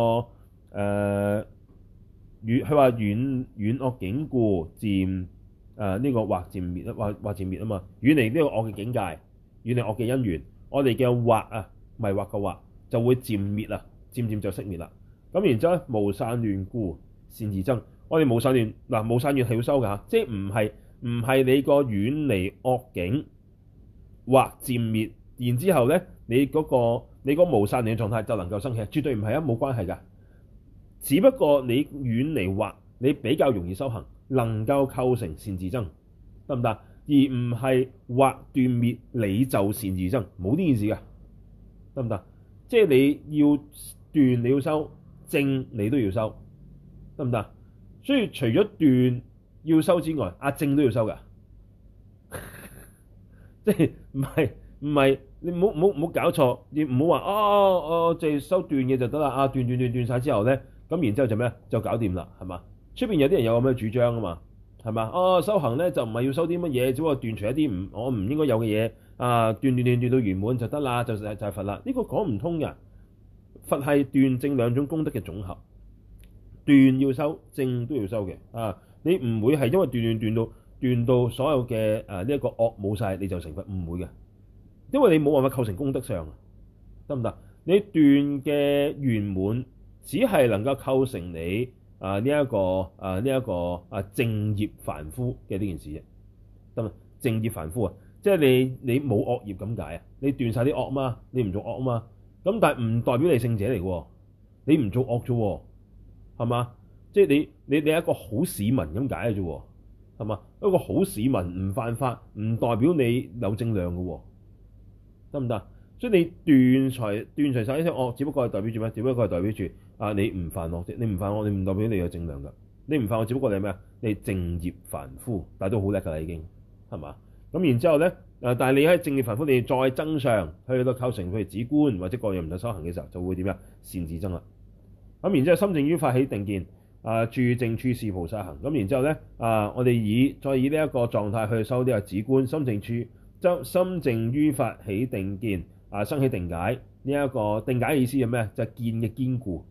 A: 誒遠佢惡境故漸誒呢個惑漸滅啊惑漸滅啊嘛，遠離呢個惡嘅境界，遠離惡嘅因緣，我哋嘅惑啊迷惑嘅惑就會漸滅啊，漸漸，漸就熄滅啦。咁然之後咧，無散亂故善自增，我哋無散亂嗱無散亂係要收噶，即係唔係唔係你個遠離惡境或漸滅。然之後咧，你嗰、那個你嗰無善念嘅狀態，就能夠生氣，絕對唔係啊，冇關係噶。只不過你遠離或你比較容易修行，能夠構成善自增，得唔得？而唔係或斷滅你就善自增，冇呢件事㗎，得唔得？即係你要斷，你要修，正，你都要修，得唔得？所以除咗斷要修之外，阿、啊、正都要修㗎，即係唔係？唔係你唔好唔好唔好搞錯，你唔好話哦哦，就係收斷嘢就得啦啊！斷斷斷斷晒之後咧，咁然之後就咩就搞掂啦，係嘛？出邊有啲人有咁嘅主張啊嘛，係嘛？哦，修行咧就唔係要收啲乜嘢，只不過斷除一啲唔我唔應該有嘅嘢啊！斷斷斷斷到圓滿就得啦，就就就係、係佛啦。呢、呢個講唔通嘅，佛係斷正兩種功德嘅總合，斷要收，正都要收嘅啊！你唔會係因為斷斷斷到斷到所有嘅誒呢一個惡冇晒，你就成佛，唔會嘅。因為你冇辦法構成功德上，得唔得？你斷嘅圓滿，只係能夠構成你啊呢一個啊呢一個啊正業凡夫嘅呢件事啫，得、呃、嘛？正業凡夫啊，即係你你冇惡業咁解啊？你斷晒啲惡嘛？你唔做惡嘛？咁但係唔代表你聖者嚟嘅，你唔做惡啫，係嘛？即係你你你係一個好市民咁解嘅啫，係嘛？一個好市民唔犯法，唔代表你有正量嘅。得唔得？所以你斷除斷除曬呢啲惡，只不過係代表住咩？只不過係代表住啊！你唔犯惡啫，你唔犯惡，你唔代表你有正能量㗎。你唔犯惡，只不過你係咩啊？你正業凡夫，但係都好叻㗎啦，已經係嘛？咁然之後咧，啊！但係你喺正業凡夫，你再增上去到構成譬如止觀或者各樣唔使修行嘅時候，就會點呀？善自增啦。咁然之後，心淨於法起定見，啊！住靜處是菩薩行。咁然之後咧，啊！我哋以再以呢一個狀態去修呢個止觀心正處。心心淨於法起定見啊，生起定解呢一，這個定解嘅意思係咩？就係，是，見嘅堅固，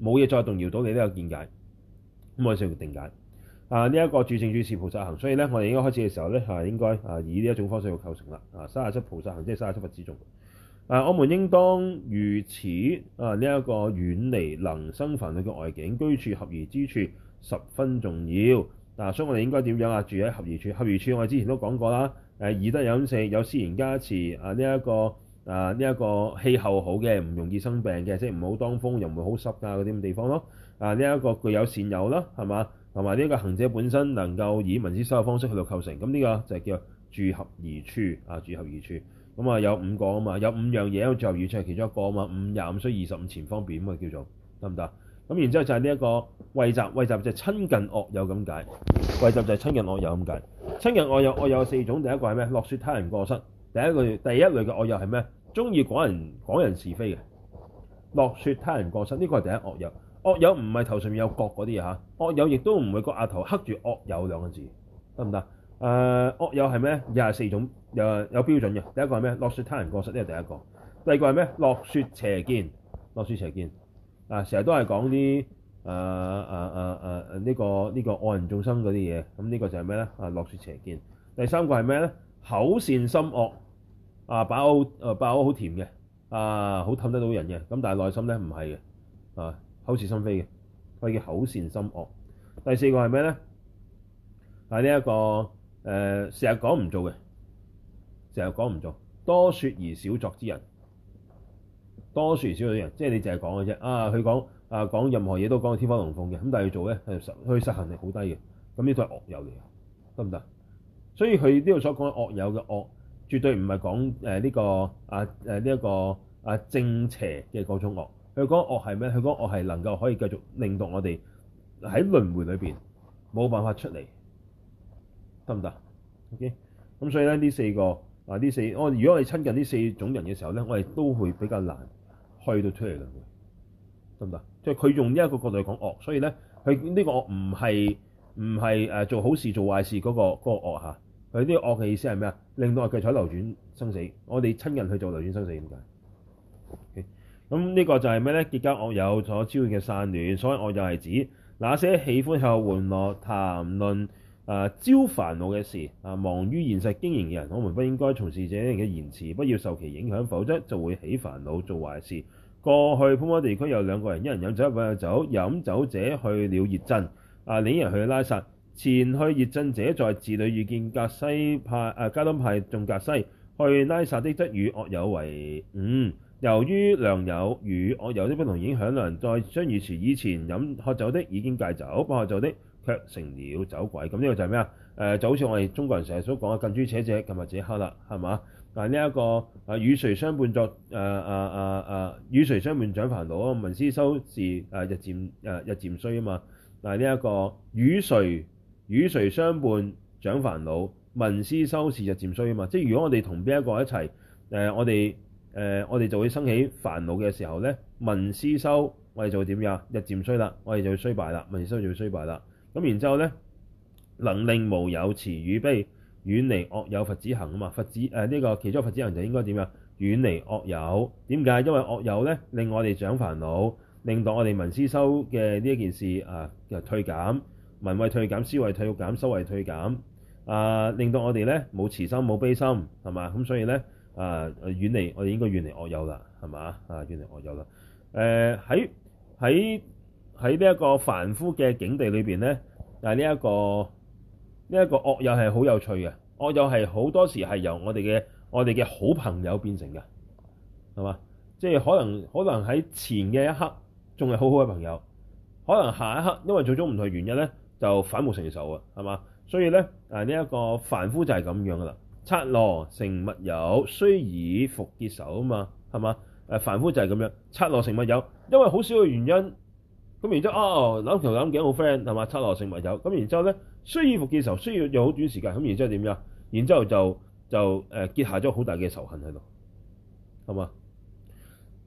A: 冇嘢再動搖到你呢個見解。咁我哋需要定解啊。呢，這，一個住靜處是菩薩行，所以咧我哋應該開始嘅時候咧啊，應該啊以呢一種方式去構成啦。啊，三十七菩薩行即係三十七佛之中。啊，我們應當如此啊。呢，這，一個遠離能生煩惱嘅外境，居住合宜之處十分重要。啊，所以我哋應該點樣啊？住喺合宜處。合宜處我哋之前都講過啦。誒易得飲食有私然加持啊！呢、這、一個啊呢一、這個氣候好嘅，唔容易生病嘅，即係唔好當風又唔會好濕㗎嗰啲咁嘅地方咯。啊呢一、這個具有善友啦，係嘛？同埋呢個個行者本身能夠以聞思修嘅方式去到構成，咁呢個就係叫做住合而處啊！住合而處咁啊有五個啊嘛，有五樣嘢，住合而處係其中一個啊嘛。五廿五以二十五,二十五前方便咁啊叫做得唔得？咁然之後就係呢一個猥雜，猥雜就係親近惡友咁解。猥雜就係親近惡友咁解。親近惡友，惡友四種，第一個係咩？落雪他人過失。第一個，第一類嘅惡友係咩？鍾意講人講人是非嘅。落雪他人過失，呢個係第一惡友。惡友唔係頭上面有角嗰啲嘢吓，惡、啊、友亦都唔會個額頭刻住惡友兩個字，得唔得？誒、呃，惡友係咩？又係四種，又有，有標準嘅。第一個係咩？落雪他人過失，呢個係第一個。第二個係咩？落雪邪見，落雪邪見啊，成日都係講啲。誒誒誒誒誒呢個呢個愛人眾生嗰啲嘢，咁呢個就係咩咧？啊，落雪邪見。第三個係咩咧？口善心惡，啊，把口誒，把口好甜嘅，啊，好氹得到人嘅，咁但係內心咧唔係嘅，啊，口是心非嘅，所以叫口善心惡。第四個係咩咧？係呢一個誒，成日講唔做嘅，成日講唔做，多說而少作之人，多說而少作之人，即係你淨係講嘅啫。啊，佢講。啊，講任何嘢都講天花龍鳳嘅，咁但係做咧，實佢實行力好低嘅，咁呢個係惡有嚟，得唔得？所以佢呢度所講惡有嘅惡，絕對唔係講呢、呃這個啊呢一、啊這個啊正邪嘅嗰種惡。佢講惡係咩？佢講惡係能夠可以繼續令到我哋喺輪迴裏面冇辦法出嚟，得唔得？OK，咁、嗯、所以咧呢四個啊呢四，我、啊、如果我哋親近呢四種人嘅時候咧，我哋都會比較難開到出嚟嘅，得唔得？佢用呢一個角度去講惡，所以咧，佢呢個惡唔係唔係誒做好事做壞事嗰、那個嗰、那個惡嚇，佢呢個惡嘅意思係咩啊？令到我繼續流轉生死。我哋親人去做流轉生死點解？咁呢、okay，個就係咩咧？結交惡友所招嘅散亂，所以我就係指那些喜歡喺玩樂、談論誒招、呃、煩惱嘅事、啊忙於現實經營嘅人。我們不應該從事這啲人嘅言辭，不要受其影響，否則就會起煩惱、做壞事。過去潘波地區有兩個人，一人飲酒，一班有酒。飲酒者去了熱振，啊另一人去拉薩。前去熱振者在寺裏遇見格西派，啊噶當派眾格西。去拉薩的則與惡友為伍，嗯。由於良友與惡友的不同影響，兩人再相遇時，以前飲喝酒的已經戒酒，不喝酒的卻成了酒鬼。咁呢個就係咩啊？誒、呃、就好似我哋中國人成日所講嘅近朱者赤，近墨者黑啦，係嘛？嗱呢一個啊，與誰相伴作？誒誒誒誒與誰相伴長煩惱啊？文思修是誒日漸誒、啊、日漸衰啊嘛。嗱呢一個與誰與誰相伴長煩惱？文思修是日漸衰啊嘛。即係如果我哋同邊一個一齊誒，我哋誒、呃、我哋就會生起煩惱嘅時候咧，文思修我哋就會點樣呀？日漸衰啦，我哋就會衰敗啦，文思修就會衰敗啦。咁然之後咧，能令無有慈與悲。遠離惡友佛子行啊嘛，佛子誒呢個其中佛子行就應該點樣？遠離惡友，點解？因為惡友咧令我哋長煩惱，令到我哋聞思修嘅呢一件事啊又、呃、退減，聞為退減，思為退減，修為退減啊、呃，令到我哋咧冇慈心冇悲心，係嘛？咁所以咧啊、呃，遠離我哋應該遠離惡友啦，係嘛？啊，遠離惡友啦。誒喺喺喺呢一個凡夫嘅境地裏邊咧，但係呢一個。呢一個惡友係好有趣嘅，惡友係好多時係由我哋嘅我哋嘅好朋友變成嘅，係嘛？即係可能可能喺前嘅一刻仲係好好嘅朋友，可能下一刻因為做咗唔同嘅原因咧，就反目成仇啊，係嘛？所以咧啊，呢一個凡夫就係咁樣噶啦，拆落成物有，雖以復結仇啊嘛，係嘛？誒凡夫就係咁樣，拆落成物有，因為好少嘅原因。咁然之後、啊，哦，攬頭攬頸好 friend 係嘛，七落成為友。咁然之後咧，需要結仇，需要有好短時間。咁然之後點樣？然之後，後就就誒結下咗好大嘅仇恨喺度，係嘛？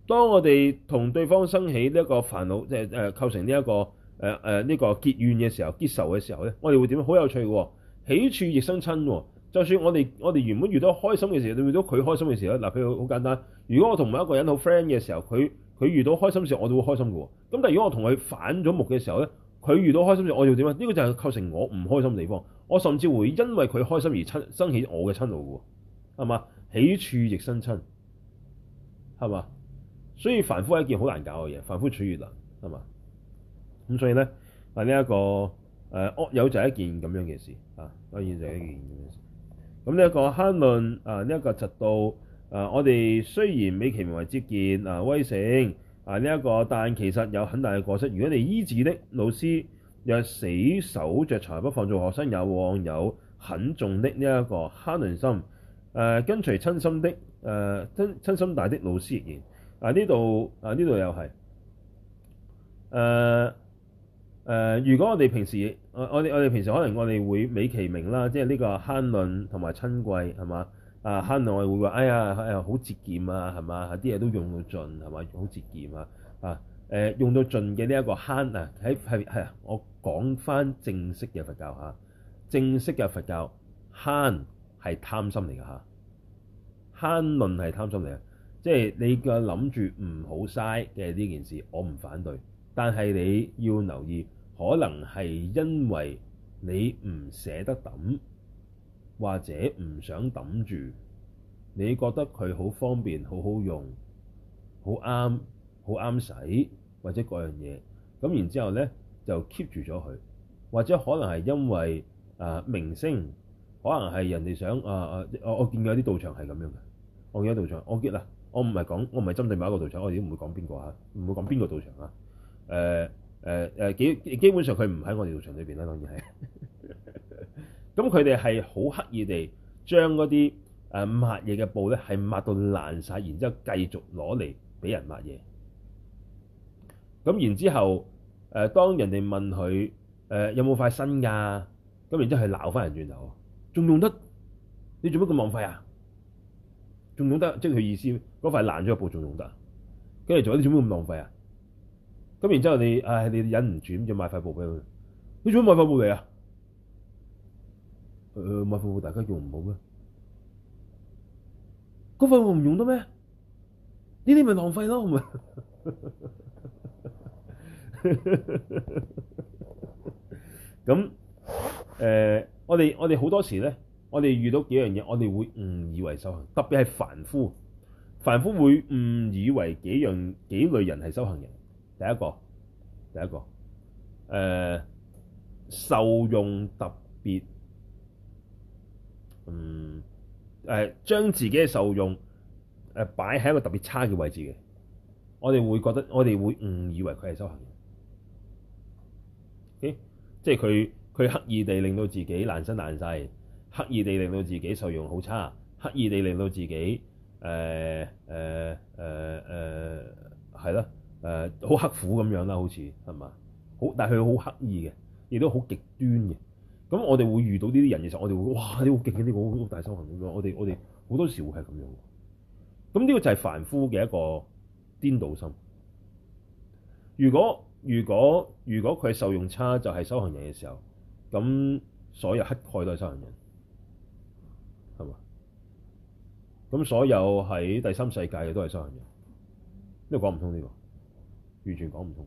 A: 當我哋同對方生起呢一個煩惱，即係誒構成呢、這、一個誒呢、呃這個結怨嘅時候，結仇嘅時候咧，我哋會點？好有趣喎、哦，喜處亦生瞋、哦。就算我哋我哋原本遇到開心嘅時候，你遇到佢開心嘅時候嗱，譬如好簡單，如果我同某一個人好 friend 嘅時候，佢。佢遇到開心事，我都會開心嘅喎。咁但係如果我同佢反咗目嘅時候咧，佢遇到開心事，我要點啊？呢個就係構成我唔開心嘅地方。我甚至會因為佢開心而生起我嘅瞋怒嘅喎。係嘛？喜處亦生瞋，係嘛？所以凡夫係一件好難搞嘅嘢，凡夫取悅難，係嘛？咁所以咧、這個呃，啊呢一個誒惡友就係一件咁樣嘅事啊，惡友就係一件咁樣嘅事。咁呢一個慳論啊，呢一個執到。啊！我哋雖然美其名為節儉啊，威盛啊，呢一、這個，但其實有很大嘅過失。如果你依止的老師若死守着財不放，做學生有往往有很重的呢一個慳吝心。誒、啊，跟隨瞋心的誒、啊、瞋瞋心大的老師而言，嗱呢度啊，呢度又係誒誒。如果我哋平時、啊、我我哋我哋平時可能我哋會美其名啦、啊，即係呢個慳吝同埋瞋恚係嘛？是啊，慳我會話，哎呀，誒好節儉啊，係嘛？啲嘢都用到盡，係咪？好節儉啊！啊、呃，誒用到盡嘅呢一個慳啊，喺係係啊！我講返正式嘅佛教嚇，正式嘅佛教慳係貪心嚟㗎嚇，慳論係貪心嚟啊！即係你嘅諗住唔好嘥嘅呢件事，我唔反對，但係你要留意，可能係因為你唔捨得抌。或者唔想抌住，你覺得佢好方便、好好用、好啱、好啱使，或者各樣嘢，咁然之後咧就 keep 住咗佢。或者可能係因為啊、呃、明星，可能係人哋想啊啊、呃，我我見有啲道場係咁樣嘅。我見有道、道場，我記得，我唔係講，我唔係針對某一個道場，我哋都唔會講邊個嚇，唔會講邊個道場嚇。誒誒誒，基、呃、基本上佢唔喺我哋道場裏邊啦，當然係。 咁佢哋係好刻意地將嗰啲誒抹嘢嘅布咧，係抹到爛晒，然之後繼續攞嚟俾人抹嘢。咁然之後誒，當人哋問佢誒有冇塊新㗎，咁然之後佢鬧翻人轉頭，仲用得？你做乜咁浪費啊？仲用得？即係佢意思嗰塊爛咗嘅布仲用得？跟住做啲做乜咁浪費啊？咁然之後你唉，你忍唔住咁要買塊布俾佢？你做乜買塊布嚟啊？誒、呃，咪份貨大家用唔好咩？嗰份貨唔用得咩？呢啲咪浪費咯，咪。咁， 誒、呃，我哋我哋好多時咧，我哋遇到幾樣嘢，我哋會誤以為修行，特別係凡夫，凡夫會誤以為幾樣幾類人係修行人。第一個，第一個，誒、呃，受用特別。嗯，誒將自己嘅受用誒擺喺一個特別差嘅位置嘅，我哋會覺得我哋會誤以為佢係修行人，okay? 即係佢佢刻意地令到自己爛身爛世，刻意地令到自己受用好差，刻意地令到自己誒誒誒誒係咯，誒好刻苦咁樣啦，好似係嘛，好，但係佢好刻意嘅，亦都好極端嘅。咁我哋會遇到呢啲人嘅時候，我哋會哇，你好勁嘅，呢個好大修行嘅，我哋我哋好多時候會係咁樣。咁呢個就係凡夫嘅一個顛倒心。如果如果如果佢係受用差，就係修行人嘅時候，咁所有乞丐都係修行人，係嘛？咁所有喺第三世界嘅都係修行人，呢個講唔通呢、呢個，完全講唔通。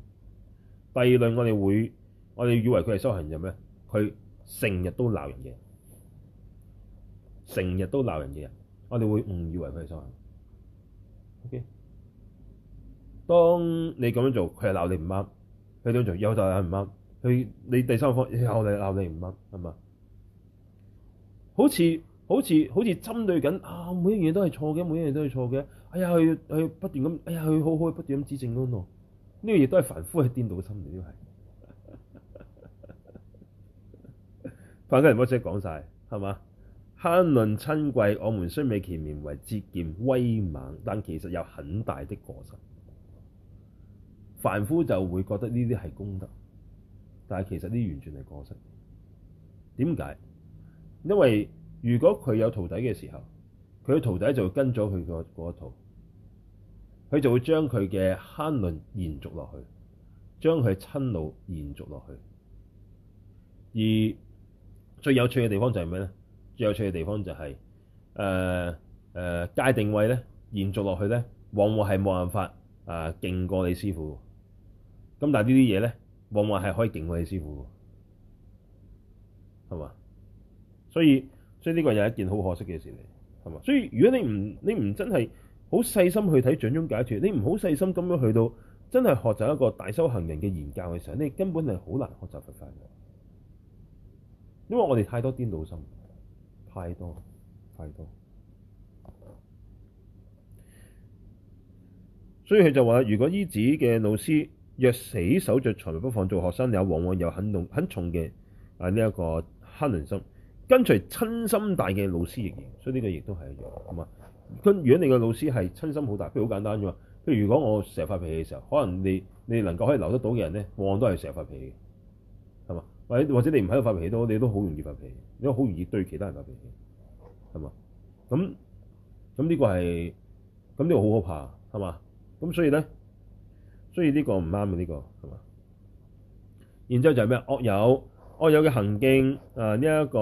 A: 第二類我哋會，我哋以為佢係修行人咩？佢。成日都鬧人嘅，成日都鬧人嘅人，我哋會誤以為佢係受害人。OK，當你咁樣做，佢係鬧你唔啱；佢咁樣做又就係唔啱；佢你第三方又嚟鬧你唔啱，係咪？好似好似好似針對緊啊！每一樣嘢都係錯嘅，每一樣嘢都係錯嘅。哎呀，去去不斷咁，哎呀，去好可以不斷咁指證嗰度。呢、這個亦都係凡夫係顛倒嘅心理，都、這、係、個。凡家人唔好，即係講曬，係嘛？慳吝瞋恚，我們雖美其名為節儉、威猛，但其實有很大的過失。凡夫就會覺得呢啲係功德，但係其實呢完全係過失。點解？因為如果佢有徒弟嘅時候，佢嘅徒弟就會跟咗佢嗰一套，佢就會將佢嘅慳吝延續落去，將佢瞋怒延續落去，而……最有趣嘅地方就係咩咧？最有趣嘅地方就係誒誒，階、呃呃、定位咧延續落去咧，往往係冇辦法啊，勁過你師傅。咁但係呢啲嘢咧，往往係可以勁過你師傅，係嘛？所以所以呢個又係一件好可惜嘅事嚟，係嘛？所以如果你唔你唔真係好細心去睇掌中解脫，你唔好細心咁樣去到真係學習一個大修行人嘅研究嘅時候，你根本係好難學習得快嘅。因為我哋太多顛倒心，太多太多，所以佢就話：如果依止嘅老師若死守着才，財不放，做學生有往往有很重很重嘅啊呢一個慳吝心，跟隨瞋心大嘅老師亦然，所以呢個亦都係一樣。咁啊，跟如果你嘅老師係瞋心好大，譬如好簡單啫嘛。譬如如果我成日發脾氣嘅時候，可能你你能夠可以留得到嘅人咧，往往都係成日發脾氣。或者你唔喺度發脾氣都，你都好容易發脾氣，因為好容易對其他人發脾氣，係嘛？咁，咁呢個係，咁呢個好可怕，係嘛？咁所以咧，所以呢個唔啱嘅呢個，係嘛？然之後就係咩？惡友，惡友嘅行徑啊呢一個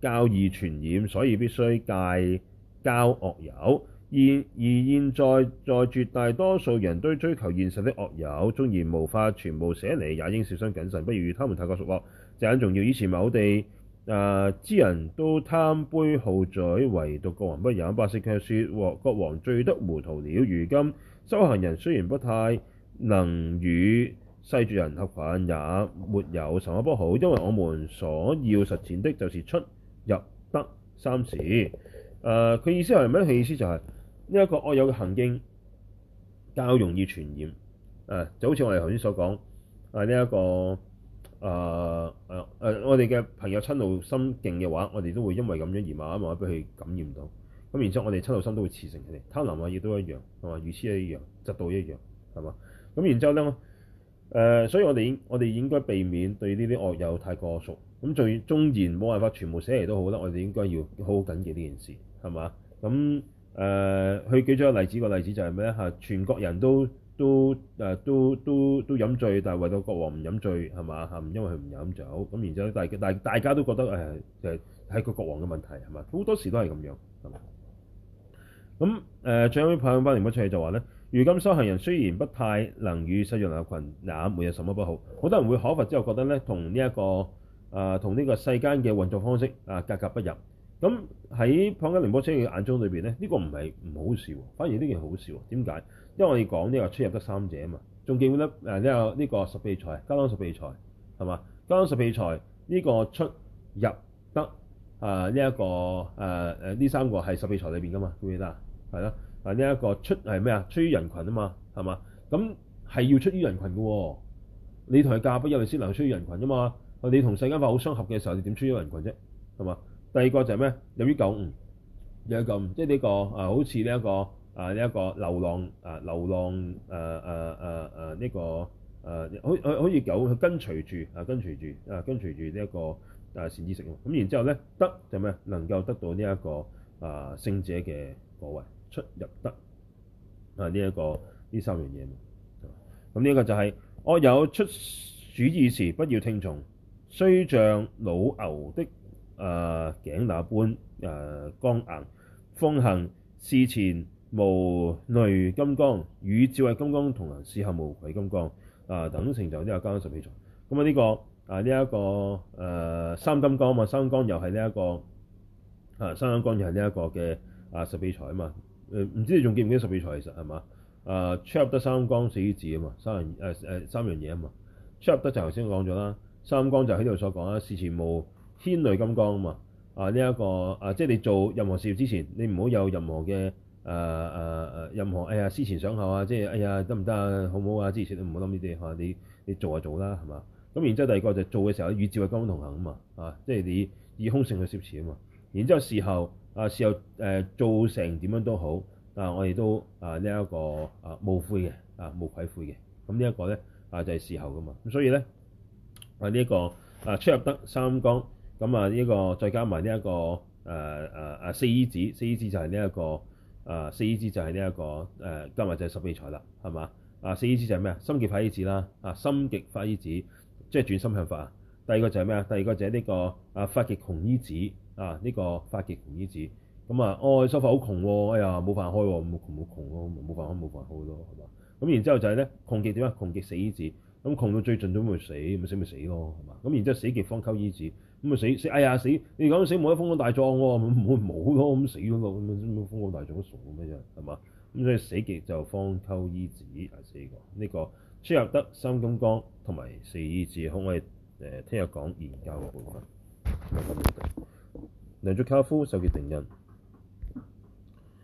A: 容易傳染，所以必須戒交惡友。而而現在，在絕大多數人都追求現實的惡友，縱然無法全部捨離，也應小心謹慎，不如與他們太過熟惡，這很重要，以前某地啊之人都貪杯好嘴，唯獨國王不飲。百姓卻説：國王醉得糊塗了。如今修行人雖然不太能與世俗人合羣，也沒有什麼不好，因為我們所要實踐的就是出入得三事。誒、啊，佢意思係咩意思就係、是。呢、這、一個惡友嘅行徑較容易傳染，誒就好似我哋頭先所講，誒呢一個誒誒誒，我哋嘅朋友慳吝心勁嘅話，我哋都會因為咁樣而慢慢慢俾佢感染到。咁然之後，我哋慳吝心都會馳成佢哋，貪婪啊，亦都一樣係嘛，愚痴一樣，嫉妒一樣係嘛。咁然之後咧，誒、呃，所以我哋應我哋應該避免對呢啲惡友太過熟。咁最終然冇辦法全部捨離都好啦，我哋應該要好好緊記呢件事係嘛咁。誒、呃，佢舉咗個例子，個例子就係咩咧？嚇，全國人都都誒，都都都飲醉，但係為到國王唔飲醉，係嘛嚇？唔因為佢唔飲酒，咁然之後大，大嘅大家都覺得誒，就係係個國王嘅問題，係嘛？好多時都係咁樣，係嘛？咁誒、呃，最後尾朋友翻《嚟，波出去就話咧，如今修行人雖然不太能與世俗人合群，嗱，沒有什麼不好。好多人會考憐之後覺得咧，同呢一個誒，同、呃、呢個世間嘅運作方式啊，格格不入。咁喺旁家零波車嘅眼中裏面咧，呢、這個唔係唔好笑，喎，反而呢件好笑。喎。點解？因為我哋講呢個出入得三者啊嘛，仲記唔記得呢個呢十秘財、噶當十秘財係嘛？噶當十秘財呢個出入得啊？呢、這、一個誒呢、啊啊、三個係十秘財裏面噶嘛？記唔記得啊？係啦，呢、這、一個出係咩啊？出於人群啊嘛，係嘛？咁係要出於人群嘅喎、哦。你同佢夾唔入你先能出於人群㗎嘛？你同世間法好相合嘅時候，你點出於人群啫？係嘛？第二個就係咩、這個？由於九誤，有一狗即係呢個啊，好似呢一個啊，呢、這、一、個、流浪啊，流浪誒誒誒誒呢個誒、啊，好可以狗去跟隨住啊，跟隨住啊，跟隨住呢一個誒善知識咁然之後咧，得就咩、是？能夠得到呢、這、一個啊聖者嘅果位出入得啊呢一、這個呢三樣嘢。咁呢一個就係、是、惡友出主意時，不要聽從，雖像老牛的。誒、呃、頸那般誒剛、呃、硬，奉行事前無累金剛，與智慧金剛同行，事後無愧金剛，誒、呃、等成就啲噶當十秘財。咁啊呢個誒呢一個三金剛啊嘛，三金又係呢一個啊三金剛又係呢一個嘅阿、啊、十秘財啊嘛。誒、呃、唔知道你仲記唔記得十秘財其實係嘛？e 出入得三金死四字啊嘛，三樣誒誒三樣嘢啊嘛。出入得就頭先講咗啦，三金就喺度所講啦，事前冇。天雷金剛啊嘛，啊呢一、這個啊，即係你做任何事之前，你唔好有任何嘅誒誒誒任何哎呀思前想後啊，即係哎呀得唔得啊，好唔好啊？之前都唔好諗呢啲你、啊、你，你做就做啦，係嘛？咁然之後第二個就做嘅時候與智慧金剛同行啊嘛，啊即係你以空性去攝持啊嘛。然之後事後啊事後、呃、做成點樣都好，啊我哋都啊呢一、這個啊無悔嘅啊無愧悔嘅，咁、啊這個、呢一個咧啊就係、是、事後噶嘛。咁所以咧啊呢一、這個啊出入得三光。咁啊、這個！呢個個再加埋呢一個誒誒、呃呃、四依子，四依子就係呢一個誒、呃、四依子就係呢一個誒、呃、加埋就係十秘財啦，係嘛？啊，四依子就係咩啊？心極法依子啦，啊，心極法依子即係、就是、轉心向法第二個就係咩啊？第二個就係呢個、這個、啊法極窮依子啊，呢、這個法極窮依子咁啊,啊，哦，修法好窮喎、哦，哎呀冇飯開喎、哦，咁窮冇窮咯，冇飯開冇法，開咯，係嘛？咁然之後就係咧窮極點啊，窮極死依子，咁窮到最盡都唔死，咪死咪死咯，係嘛？咁然之後死極方溝依子。咁啊死死！哎呀死！你咁死冇得風光大狀喎、啊，冇冇咯咁死咗個咁啊風光大狀都傻咩啫，係嘛？咁所以死極就方溝依止係死、這個，呢、這個出入得、三金剛同埋四依止，可我哋誒聽日講研究個部分。兩足卡夫首結定印。